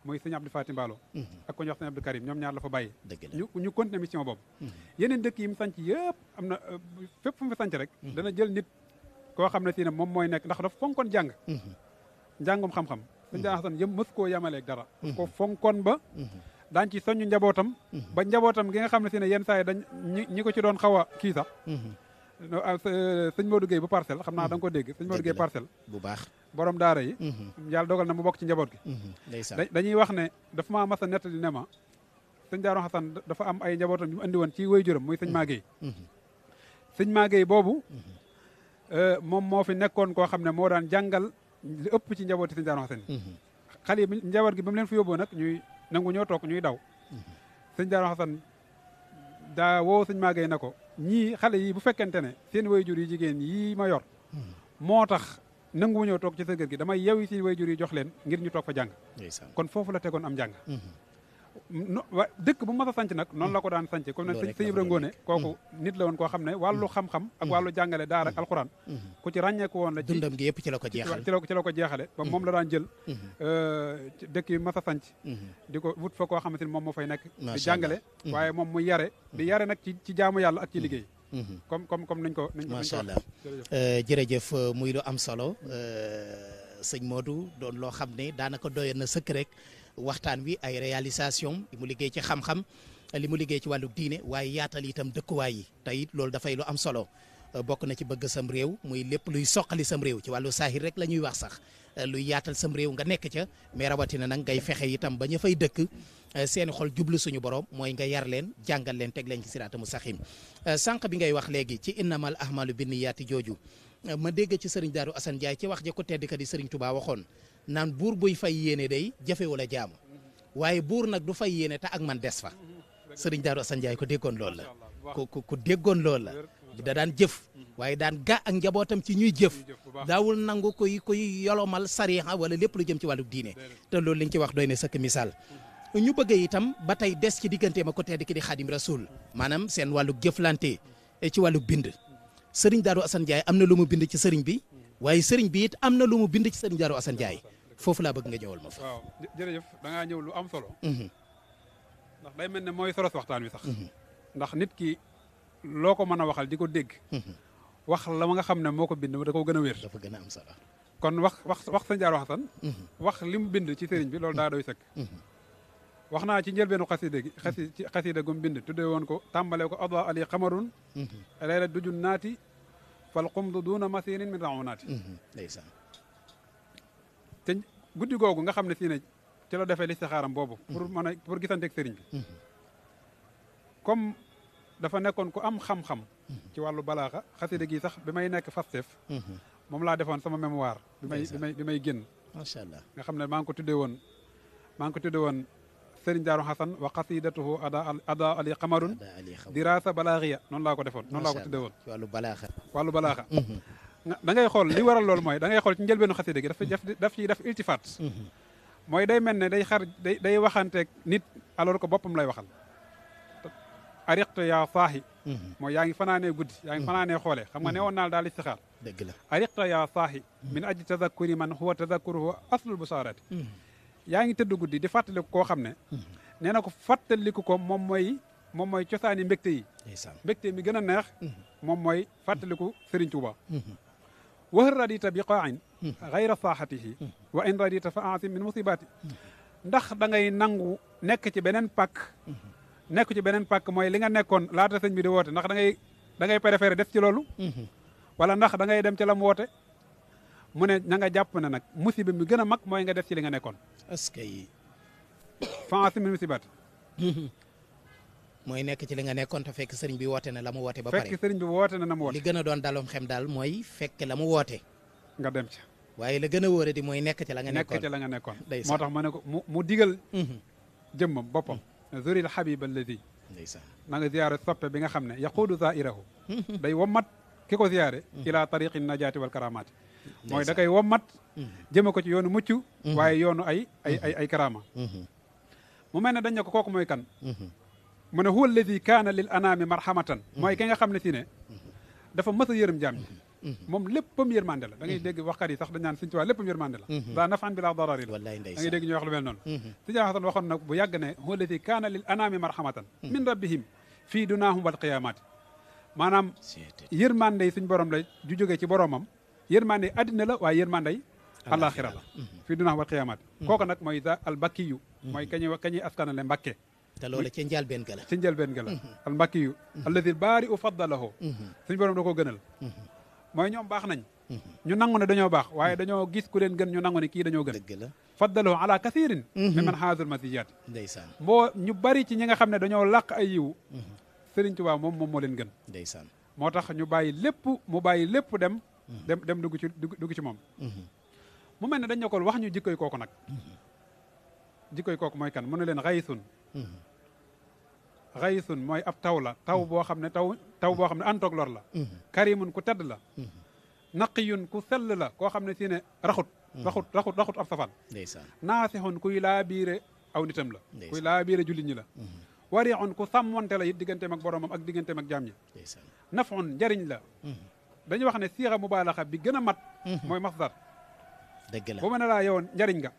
mooy sëñ Abdou Fatim Mballo mhm. ak ko ñu wax sëñ Abdou Karim ñoom ñaar la fa bàyyi ñu ñu continuer mission boobu mhm. yeneen dëkk yi mu sanc yëpp am na euh, fépp fu mu rek mhm. dana jël nit koo xam ne si ne moom mooy nekk ndax dafa fonkoon jàng njàngum xam-xam sëñ Daan yëpp mës koo yamaleeg dara ko fonkoon ba daan ci soññu njabootam ba njabootam gi nga xam ne si yenn saa yi dañ ñi ko ci doon xaw a kii sax ah, sëñ Modou Gueye bu parcelle xam naa da ko dégg sëñ Modou Gueye parcelle bu baax borom daara yi mhm. yàlla dogal na mu bokk ci njaboot gi mhm. dañuy wax ne dafa ma mas a nettali ne ma sëñ Daaru Xasan dafa am ay njabootam ñu mu woon ci way juram muy sëñ mhm. Maguèye sëñ Maguèye boobu euh, moom moo fi nekkoon koo xam ne moo daan jàngal li ëpp ci njabooti sëñ Daaru Xasan yi xale yi njaboot gi ba mu leen fa yóbboo nag ñuy nangu ñoo toog ñuy daw sëñ Daaru Xasan daa woo sëñ Maguèye na ko ñii xale yi bu fekkente ne seen way jur yi jigéen yii ma yor moo tax nanguwu ñëw toog ci sa kër gi damay yewi si way jur jox leen ngir ñu toog fa jàng kon foofu la tegoon am jàng mhm. wa dëkk bu mas a sanc nag noonu la ko daan sanc comme nag sëñ Ibra Ngoone kooku nit la woon koo xam ne wàllu mhm. xam-xam ak mhm. wàllu jàngale daara ak alxuraan ku ci ràññeeku woon la ci dundam gi yëpp ci la ko jeexal ci la ci la ko jeexale ba moom la daan jël euh, dëkk yu mas a sanc di ko wut fa koo xamante ni moom moo fay nekk di jàngale waaye moom mu yare di yare nag ci ci jaamu yàlla ak ci liggéey Mhm. comme comme comme nañ ko nañ ko macha allah jërëjëf euh, euh, muy lu am solo euh, sëñ Modou doon loo xam ne daanaka doyoon na sëkk rek waxtaan wi ay réalisation li mu liggéey ci xam-xam li mu liggéey ci wàllu diine waaye yaatal itam dëkkuwaay yi te it loolu dafay lu am solo. bokk na ci bëgg sam réew muy lépp luy soqali sam réew ci wàllu saahir rek la ñuy wax sax euh, luy yaatal sam réew nga nekk ca mais rawatina nag ngay fexe itam ba ña fay dëkk euh, seeni xol jublu suñu borom mooy nga yar leen jàngal leen teg leen ci siraata mustaqiim euh, sànq bi ngay wax léegi ci innamal ahmalu binniyaati jooju ma dégg ci sëriñ Daaru Asan Jaay ci wax ja ko tedd ka di sëriñ Tuubaa waxoon naan buur buy fay yéene day jafewul a jaamu waaye buur nag du fay yéene te ak man des fa sëriñ Daaru Asan Jaay ko déggoon loolu la ku loolu la da daan jëf waaye daan ga ak njabootam ci ñuy jëf daawul nangu koy koy yolomal sariha wala lépp lu jëm ci wàllu diine te loolu li ñu ci wax doy na sëkk misaal ñu bëgg itam ba tey des ci diggante ma ko di ki di xaadim rasul maanaam seen wàllu jëflante eh, ci wàllu bind sëriñ Darou Assane Ndiaye am na lu mu bind ci sëriñ bi waaye sëriñ bi it am na lu mu bind ci sëriñ Darou Assane Ndiaye foofu laa bëgg nga ñëwal ma fa. da ngaa ñëw lu am solo. Mhm. ndax day mel ne loo ko mën a waxal di ko dégg. Mhm. wax la ma nga xam ne moo ko bind da koo gën a wér. dafa gën a am solo kon wax wax wax sa njaar waxtaan. Mhm. wax li mu bind ci sëriñ bi loolu daa doy sëkk. Mhm. wax naa ci njëlbeenu xasida gi xasi ci xasida gum bind tuddee woon ko tàmbalee ko adwa ali xamarun layla dujun naati fal qumdu duuna masinin min ramu naati ndeysaan te guddi googu nga xam ne si ne ci la defee listixaaram boobu pour mën a pour gisanteeg sëriñ bi comme dafa nekkoon ku am xam-xam ci wàllu balaaxa xasida gi sax bi may nekk Fastef mhm. moom laa defoon sama mémoire bi may bi may bi may génn macha allah nga xam ne maa ngi ko tuddee woon maa ngi ko tuddee woon Serigne Darou Hassan wa qasidatuhu ada ada ali xamarun dirasa balaaxiya noonu laa ko defoon noonu laa ko tuddee woon wàllu balaaxa wàllu balaaxa mhm. da ngay xool li waral loolu mooy dangay xool ci njëlbeenu xasida gi daf daf ciy def iltifaat mhm. mooy day mel ne day xar day day waxanteeg nit alors que boppam lay waxal ariqte yaa saaxi mhm. mooy yaa ngi fanaanee guddi yaa ngi mhm. fanaanee xoole xam nga mhm. ne woon naal daal istixaar dëgg la ariqta yaa saaxi min aji tazakuri man huwa tazakuruhu aslul busaarati yaa ngi tëdd guddi di fàttaliku koo xam ne nee na ko fàttaliku ko moom mooy moom mooy cosaani mbégte yi mbégte mi gën a neex moom mooy fàttaliku Sëriñ Tuuba waxër radita bi qaain xayra saaxatihi wa in radita fa ansim min musibaati ndax da ngay nangu nekk ci beneen pak nekk ci beneen pàkk mooy li nga nekkoon laata sëñ bi di woote ndax da ngay da ngay préféré def ci loolu mhm. wala ndax da ngay dem ci la mu woote mu ne na nga jàpp ne nag musiba mi gën a mag mooy nga def ci li nga nekkoon askay fanci min musibat mhm. mooy nekk ci li nga nekkoon te fekk sëriñ bi woote na la mu woote ba pare fekk sëriñ bi woote na la mu woote li gën a doon dalum xem daal mooy fekk la mu woote nga dem ca waaye la gën a wóore di mooy nekk ci la nga nekkoon ci la nga nekkoon moo tax ma ne ko mu mu digal mhm. jëmmam boppam zuril xabiba alladi na nga ziyaare soppe bi nga xam ne yaquudu zairahu day wommat ki ko ziyaare ila tariqi najaati wal karamaati mooy da koy wommat mm-hmm. jëme ko ci yoonu mucc mm-hmm. waaye yoonu ay ay ay ay mm-hmm. mu mel ne dañ ne ko kooku mooy kan mu ne huwa alladi kaana lil anaami marhamatan mooy ki nga xam ne si ne dafa mës a yërëm jaam ñi Mhm. moom léppam yërmande la da ngay dégg waxkat yi sax dañ naan Sëñ Tuubaa léppam yërmande la daa mhm. nafan bi laa darari la da ngay wax lu mel mhm. na bu yàgg ne hullati kaana lil anaami marhamatan min rabbihim fii dunaahum wal qiyaamaati borom la ju jógee ci boromam yërmande addina la waaye yërmande alaxira la fii dunaahum wal qiyaamaati kooku nag mooy da al bakkiyu mooy kañuy kañuy askanale Mbàkke te loolu ci njëlbeen ga la ci njëlbeen ga la al mbàkki yu borom da koo gënal mooy ñoom baax nañ mhm. ñu nangu ne dañoo baax waaye dañoo gis ku leen gën ñu nangu ne kii dañoo gën dëgg la faddalahu ala kathirin mhm. mi man haazul masiyaat ndeysaan mboo ñu bari ci ñi nga xam ne dañoo làq ay yiw mhm. Sëriñ Tuubaa moom moom moo leen gën ndeysaan moo tax ñu bàyyi lépp mu bàyyi lépp dem dem dem dugg ci dugg ci moom mu mel ne dañ ne wax ñu jikkoy kooku nag jikkoy kooku mooy kan mu ne leen xaysun xayisun mooy ab taw la taw mm-hmm. boo xam ne taw taw boo xam ne antoog lor la mm-hmm. karimun ku tedd la mm-hmm. naqiyun ku sel la koo xam ne si ne raxut raxut raxut raxut ab safan naasixun kuy laa biire aw nitam la kuy laa biire jullit ñi la warixun ku sàmmonte la it digganteem mag boromam ak digganteem ak jaam ñi nafun njariñ la dañuy wax ne siixa mubaalaxa bi gën a mat mooy masdar dëgg la bu mën a laa yowoon njariñ nga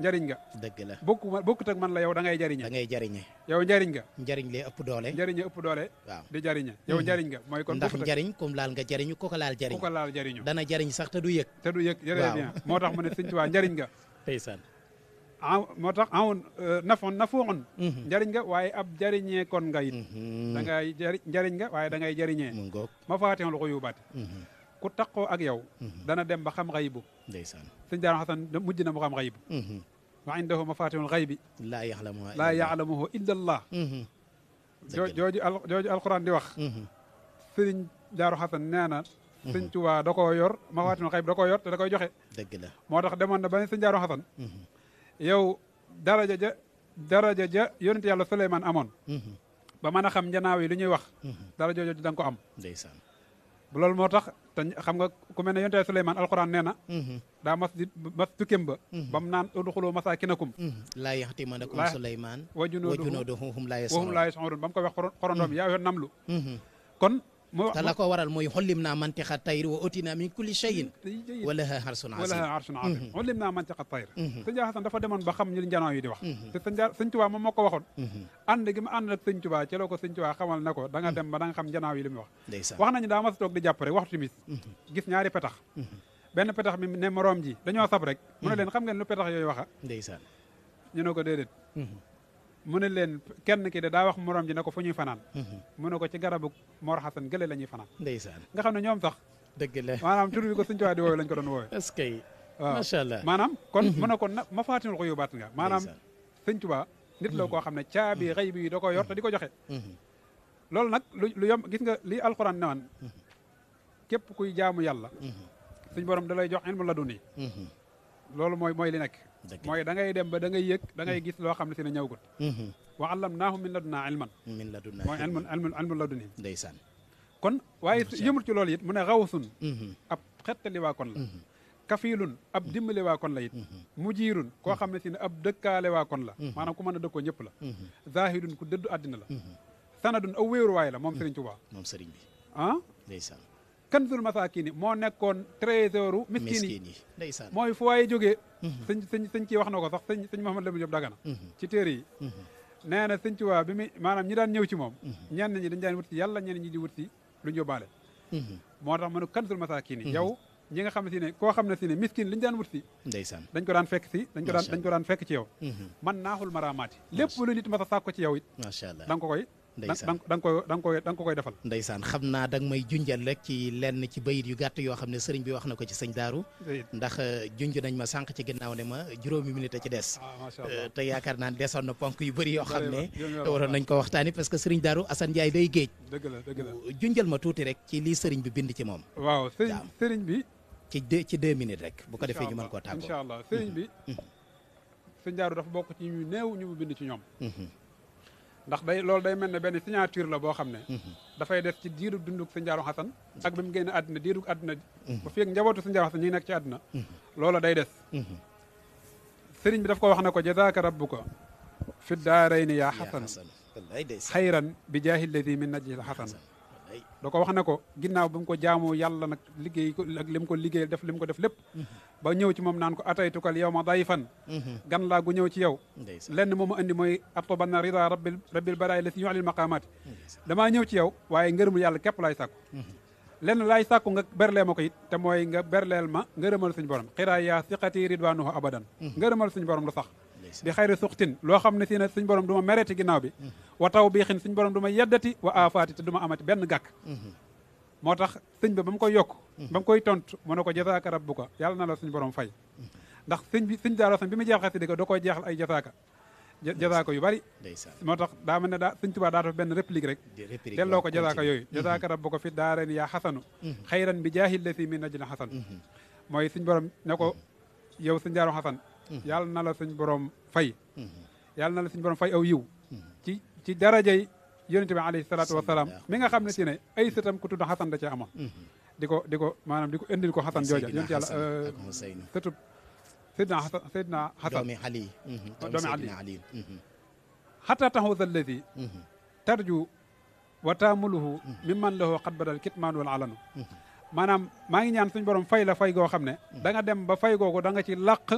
njariñ nga dëgg la bokku ma bokkut ak man la yow da ngay jariñe da ngay jariñe yow njariñ nga njariñ lee ëpp doole njariñe ëpp doole waaw di jariñe yow hmm. njariñ nga mooy kon ndax njariñ comme laal nga jariñu ku ko jariñ ko laal jariñu dana jariñ sax te du yëg te du yëg jërë bien moo tax mu ne sëñ Tuubaa njariñ nga ndeysaan a moo tax awoon euh, nafoon nafuun hmm. njariñ ga waaye ab jariñee kon nga it hmm. da ngay njariñ nga waaye da ngay jariñee ma faatee lu ko yóbbaate ku taqoo ak yow mhm. dana dem ba xam xaybu ndeysaan sëñ Daaru Xasan mujj na mu xam xaybu mhm. wa indahu mafatihul xaybi laa yaxlamuha laa yaxlamuhu illa allah mhm. jooju al jooju alquran di wax sëriñ Daaru Xasan nee na sëñ Tuubaa da koo yor mafatihul xaybi da koo yor te da koy joxe dëgg la moo tax demoon na ba ne sëñ Daaru Xasan yow daraja ja daraja ja yonent yàlla Suleymaan amoon ba mën a xam njanaaw yi lu ñuy wax dara jooju da nga ko am bu loolu moo tax te xam nga ku mel ne yonte Suleymaan alxuraan nee na mhm. daa mas di ba mhm. bam naan udxulu masaakinakum mhm. laa yaxtimanakum Suleymaan wa junuuduhum wa junuuduhum laa yash'uruun ba mu ko wax xorondoom yaa yoon namlu kon te waral mooy xollim naa mantiqa tayr wa otina min kulli cheyin walaha harsun azim walaha harsun azim mm-hmm. xam ñi njanaaw yi di wax mm-hmm. moom moo ko waxoon mm-hmm. ànd gi ma ànd ak sëñ xamal na ko da nga dem ba da nga xam njanaaw yi li muy wax wax nañu daa mas toog di rek waxtu timis gis ñaari petax benn petax ne moroom ji dañoo sab rek mu ne leen xam ngeen lu petax yooyu waxa ndeysaan ñu ne ko déedéet mu leen kenn ki de daa wax moroom ji ne ko fu ñuy fanaan mhm. mu ne ko ci garabu Mor Xasan gële la ñuy fanaan ndeysaan nga xam ne ñoom sax dëgg la maanaam tur bi ko suñu tubaab di woowe lañ ko doon woowe maanaam kon mhm. mu ne ko ma faatinul ko yóbbaat nga maanaam sëñ tubaa nit la koo xam ne caabi mhm. xay bi doo ko yor te di ko joxe loolu nag lu yom gis nga lii alxuraan ne woon képp kuy jaamu yàlla suñ borom da lay jox ilmu laduni loolu mooy mooy li nekk mooy da ngay dem ba da ngay yëg da ngay gis loo xam ne si ne ñëwgul mm-hmm. wa allamnaahu min ladunaa ilman min ladunaa mooy ilmun ilmun ilmun laduni ndeysaan kon waaye yëmul ci loolu it mu ne xawsun mm-hmm. ab xettali waa kon la mm-hmm. kafiilun ab dimbali waa kon la it mujiirun koo xam ne si ne ab dëkkaale waa kon la maanaam ku mën a dëkkoo ñëpp la zaahidun ku dëddu àddina la sanadun aw wéeruwaay la moom Sëriñ Tuubaa moom sëriñ bi ah ndeysaan kanzul masaakin moo nekkoon trésoru miskin yi ndeysaan mooy fu waaye jógee mhm. sëñ sëñ sëñ wax na ko sax sëñ sëñ Mouhamed Lamine Diop Dagana mhm. ci téere yi mhm. nee na sëñ Tuubaa bi maanaam ñi daan ñëw ci moom ñenn ñi dañ daan wut si yàlla ñenn ñi di wut si lu ñu yóbbaale moo tax mënu kanzul masaakin yi yow nga xam ne si ne koo xam ne si miskin li ñu daan wut si ndeysaan dañ ko daan fekk si dañ ko daan fekk ci yow man naaxul maraamaati lépp lu nit mas a sàkk ko ci yow it macha allah da nga ko koy ndeysaan da nga koy da nga koy da xam naa da nga may junjal rek ci lenn ci bayit yu gàtt yoo xam ne sëriñ bi wax na ko ci sëñ daaru ndax euh, junj nañ ma sànq ci ginnaaw ne ma juróomi minute ci des ah, euh, te yaakaar naa desoon na ponk yu bëri yoo xam ne waroon nañ ko waxtaani parce que sëriñ daaru Assane Ndiaye day géej dëgg la dëgg euh, junjal ma tuuti rek ci lii sëriñ bi bind ci moom waaw sëriñ bi ci de ci deux minutes rek bu ko defee ñu mën koo tàggoo mhm. Mhm. bokk ci bind ci ñoom mhm. ndax day loolu day mel ne benn signature la boo xam ne mhm. dafay des ci diiru dundug Sëñ Daaru Xasan ak bi mu génn diiru diirug àdduna mhm. ba fii ak njabootu Sëñ Daaru Xasan ñi nekk ci àdduna mhm. loola day des sëriñ bi daf ko wax na ko jazaaka rabbuka fi daarayni yaa xasan xayran bi mi alladi yi najil xasan da ko wax ne ko ginnaaw ba mu ko jaamoo yàlla nag liggéey li mu ko liggéeyal def li mu ko def lépp ba ñëw ci moom naan ko ataytukal yow ma dayfan mhm. gan laa ñëw ci yow lenn mooma indi mooy atobana rida rabbil rabbil baraay la si ñuxlil maqaamaati damaa ñëw ci yow waaye ngërëmul yàlla képp laay sàkku mhm. lenn laay sàkku nga berlee ko it te mooy nga berleel ma ngërëmal suñu borom xiraa yaa siqati ridwanuhu abadan mhm. ngërëmal suñu borom lu sax bi xayri suxtin loo xam ne si ne suñ borom du ma mereeti ginnaaw bi wa taw bii xin suñ borom du ma yeddati wa aafaati te du ma amati benn gàkk moo tax sëñ bi ba koy yokk ba mu koy tontu mu ne ko jasaaka rabbuka yàlla na la suñ borom fay ndax sëñ bi sëñ daara sam bi mu jeex xasida ko da koy jeexal ay jasaaka jasaaka yu bari moo tax daa mel ne daa sëñ Tuubaa daa def benn réplique rek delloo ko jasaaka yooyu jasaaka rabbuka fi daaren yaa xasanu mm-hmm. xayran bi jaahil la si min najina xasan mm-hmm. mooy suñ borom ne ko mm-hmm. yow sëñ daaru yàlla na la suñ borom fay mm-hmm. yàlla na la suñ borom fay aw yiw mm-hmm. ci ci darajay yonente bi alayhi salaatu wasalaam mi nga xam ne si ne ay sëtam ku tudd xasan da cee amoon mm-hmm. di ko di ko maanaam di ko indil ko xasan jooja yonente yàlla euh, sëtub Seydina Xasan Seydina Xasan doomi Ali doomi Ali xataa taxuusa alladi tarju wa taamuluhu mimman lahu qad badal kitmaan wal alanu maanaam maa ngi ñaan suñ borom fay la fay goo xam ne danga dem ba fay googu da nga ci làq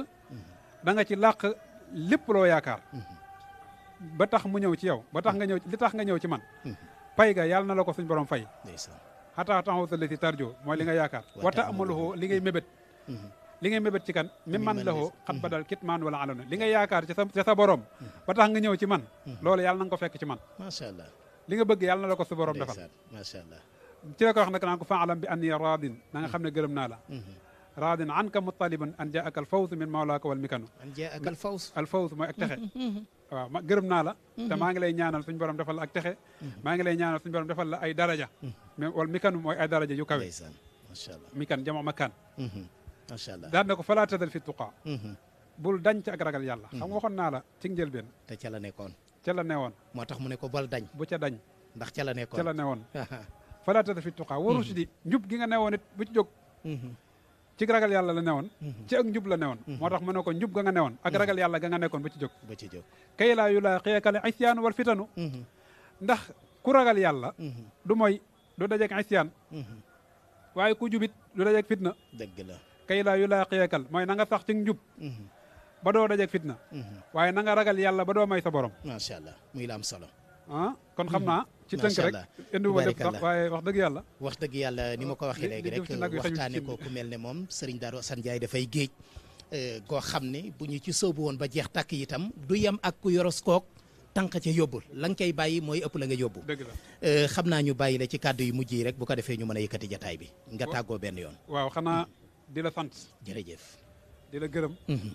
da nga ci làq lépp loo yaakaar ba tax mu ñëw ci yow ba tax nga ñëw li tax nga ñëw ci man pay ga yàlla na la ko suñ borom fay xataa taxawta la si tarjo mooy li nga yaakaar wata amaluhu li ngay mébét li ngay mébét ci kan mi man laxoo xat badal kit maan wala alana li nga yaakaar ci sa ci sa borom ba tax nga ñëw ci man hmm. loolu yàlla na ko fekk ci man macha allah li nga bëgg yàlla na la ko su borom defal ci la ko wax nag naan ko faalam bi anniya raadin hmm. na nga xam ne gërëm naa la hmm. raadin anka mutaliban an jaaka alfawz min mawlaaka wal mikanu an jaaka alfawz mooy ak texe mhm. waaw ma gërëm naa la mhm. te maa ngi lay ñaanal suñu borom defal la ak texe mhm. maa ngi lay ñaanal suñu borom defal la ay daraja mais wal mikanu mooy ay daraja yu kawe macha allah mikan jama ma macha allah daan ko falaa tadal fi tuqaa bul dañ ci ak ragal yàlla xam nga naa la ci njëlbeen te ca la nekkoon ca la newoon moo tax mu ne ko bal dañ bu ca dañ ndax ca la nekkoon ca la newoon falaa tadal fi tuqaa warusi di njub gi nga newoon it bu ci ragal yàlla la newoon mhm. ci ak njub la newoon mhm. moo tax mu ne ko njub ga nga newoon ak mhm. ragal yàlla ga nga nekkoon ba ci jóg ba ci jóg kay laa yu laa xiyakale isyaan wal fitanu ndax ku ragal yàlla mooy du dajeek isyaan waaye ku jubit du dajeek fitna dëgg la kay yu laa xiyakal mooy na nga sax ci njub ba doo dajeek fitna waaye na nga ragal yàlla ba doo moy sa borom macha allah muy la am solo ah, kon xam naa ci tënk rek indi ma def waaye wax dëgg yàlla wax dëgg yàlla ni ma ko waxee léegi rek waxtaane ko ku mel ne moom sëriñ Darou Assane Ndiaye dafay géej koo euh, xam ne bu ñu ci soobu woon ba jeex tàkk yitam du yem ak ku yoros kook tànq ca yóbbul la nga koy bàyyi mooy ëpp la nga yóbbu euh, xam naa ñu bàyyi la ci kàddu yi mujj yi rek bu ko defee ñu mën a yëkkati jataay bi nga tàggoo benn yoon waaw xanaa di la sant jërëjëf di la gërëm mhm.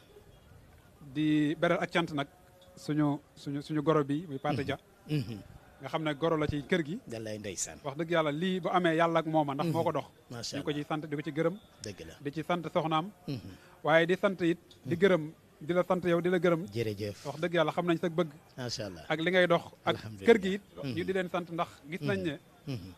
di beral ak cant nag suñu suñu suñu goro bi muy nga xam ne goro la ci kër gi dalay ndeysaan wax dëgg yàlla lii bu amee yàlla ak mooma ndax moo ko dox mm-hmm. ñu ko ci sant di ko ci gërëm di ci sant soxnaam mm-hmm. waaye di sant it di mm-hmm. gërëm di la sant yow di la gërëm jërëjëf wax dëgg yàlla xam nañ sa bëgg ak li ngay dox ak kër gi it ñu di leen sant ndax gis nañ ne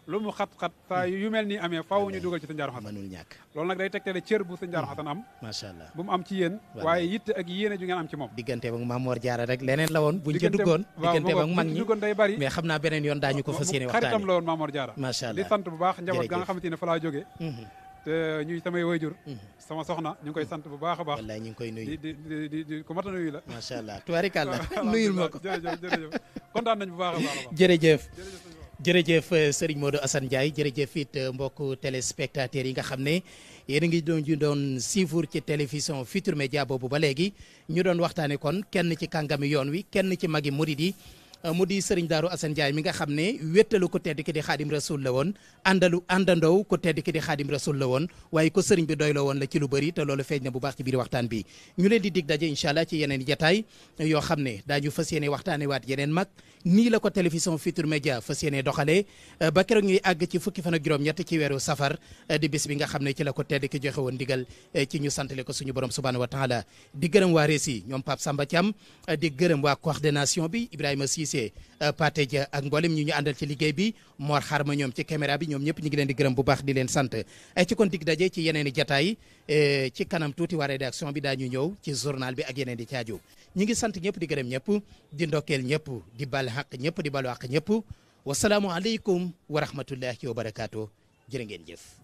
lu mu xat-xat saa yu mel nii amee faaw ñu dugal ci sëñ Daaru Xasan mënul ñàkk loolu nag day tegtale bu am macha allah bu am ci yéen waaye yitte ak yéene ju ngeen am ci moom diggante ba Jaara rek leneen la woon buñ ci ba mag ñi duggoon xam naa beneen yoon daañu ko fas yéene waxtaane la allah di sant bu baax njaboot ga nga xamante ne fa mm-hmm. te ñuy samay wayjur mm-hmm. sama soxna ñu koy sant bu baax a baax wallaay ñu allah tubaarikàlla ma ko jërëjëf jërëjëf kontaan bu baax a jërëjëf euh, Serigne moodo Assane Ndiaye jërëjëf it euh, mbokku téléspectateurs yi nga xam ne yéen a ngi doon ñu doon suivre ci télévision Futurs Médias boobu ba léegi ñu doon waxtaanee kon kenn ci kàngami yoon wi kenn ci magi murid yi Euh, mu di sëriñ Daaru Assane Ndiaye mi nga xam ne wéttalu ko tedd ki di xaadim rasul la woon àndalu àndandow ko tedd ki di xaadim rasul la woon waaye ko sëriñ bi doy la woon la ci lu bëri te loolu feeñ ne bu baax ci biir waxtaan bi ñu leen di dig daje incha allah ci yeneen jataay yoo xam ne daañu fas yéene waxtaane waat yeneen mag nii la ko télévision Futurs Médias fas yéene doxalee euh, ba keroog ñuy àgg ci fukki fan ak juróom-ñett ci weeru safar euh, di bis bi nga xam ne ci la ko tedd ki joxe woon digal ci ñu santale ko suñu borom subhanahu wa taala di gërëm waa ñoom Pape Samba Thiam di gërëm waa bi Ibrahima Cissé remercier euh, Pathé Dia ak mboolem ñi ñu àndal ci liggéey bi Mor ma ñoom ci caméra bi ñoom ñëpp ñu ngi leen di gërëm bu baax di leen sant ay eh, ci kon dig daje ci yeneen i jataay eh, ci kanam tuuti waa rédaction bi daañu ñëw ci journal bi ak yeneen di caaju ñi ngi sant ñëpp di gërëm ñëpp di ndokkeel ñëpp di bal xaq ñëpp di balu xaq ñëpp wasalaamualeykum wa rahmatullahi wa barakaatu jërë ngeen jëf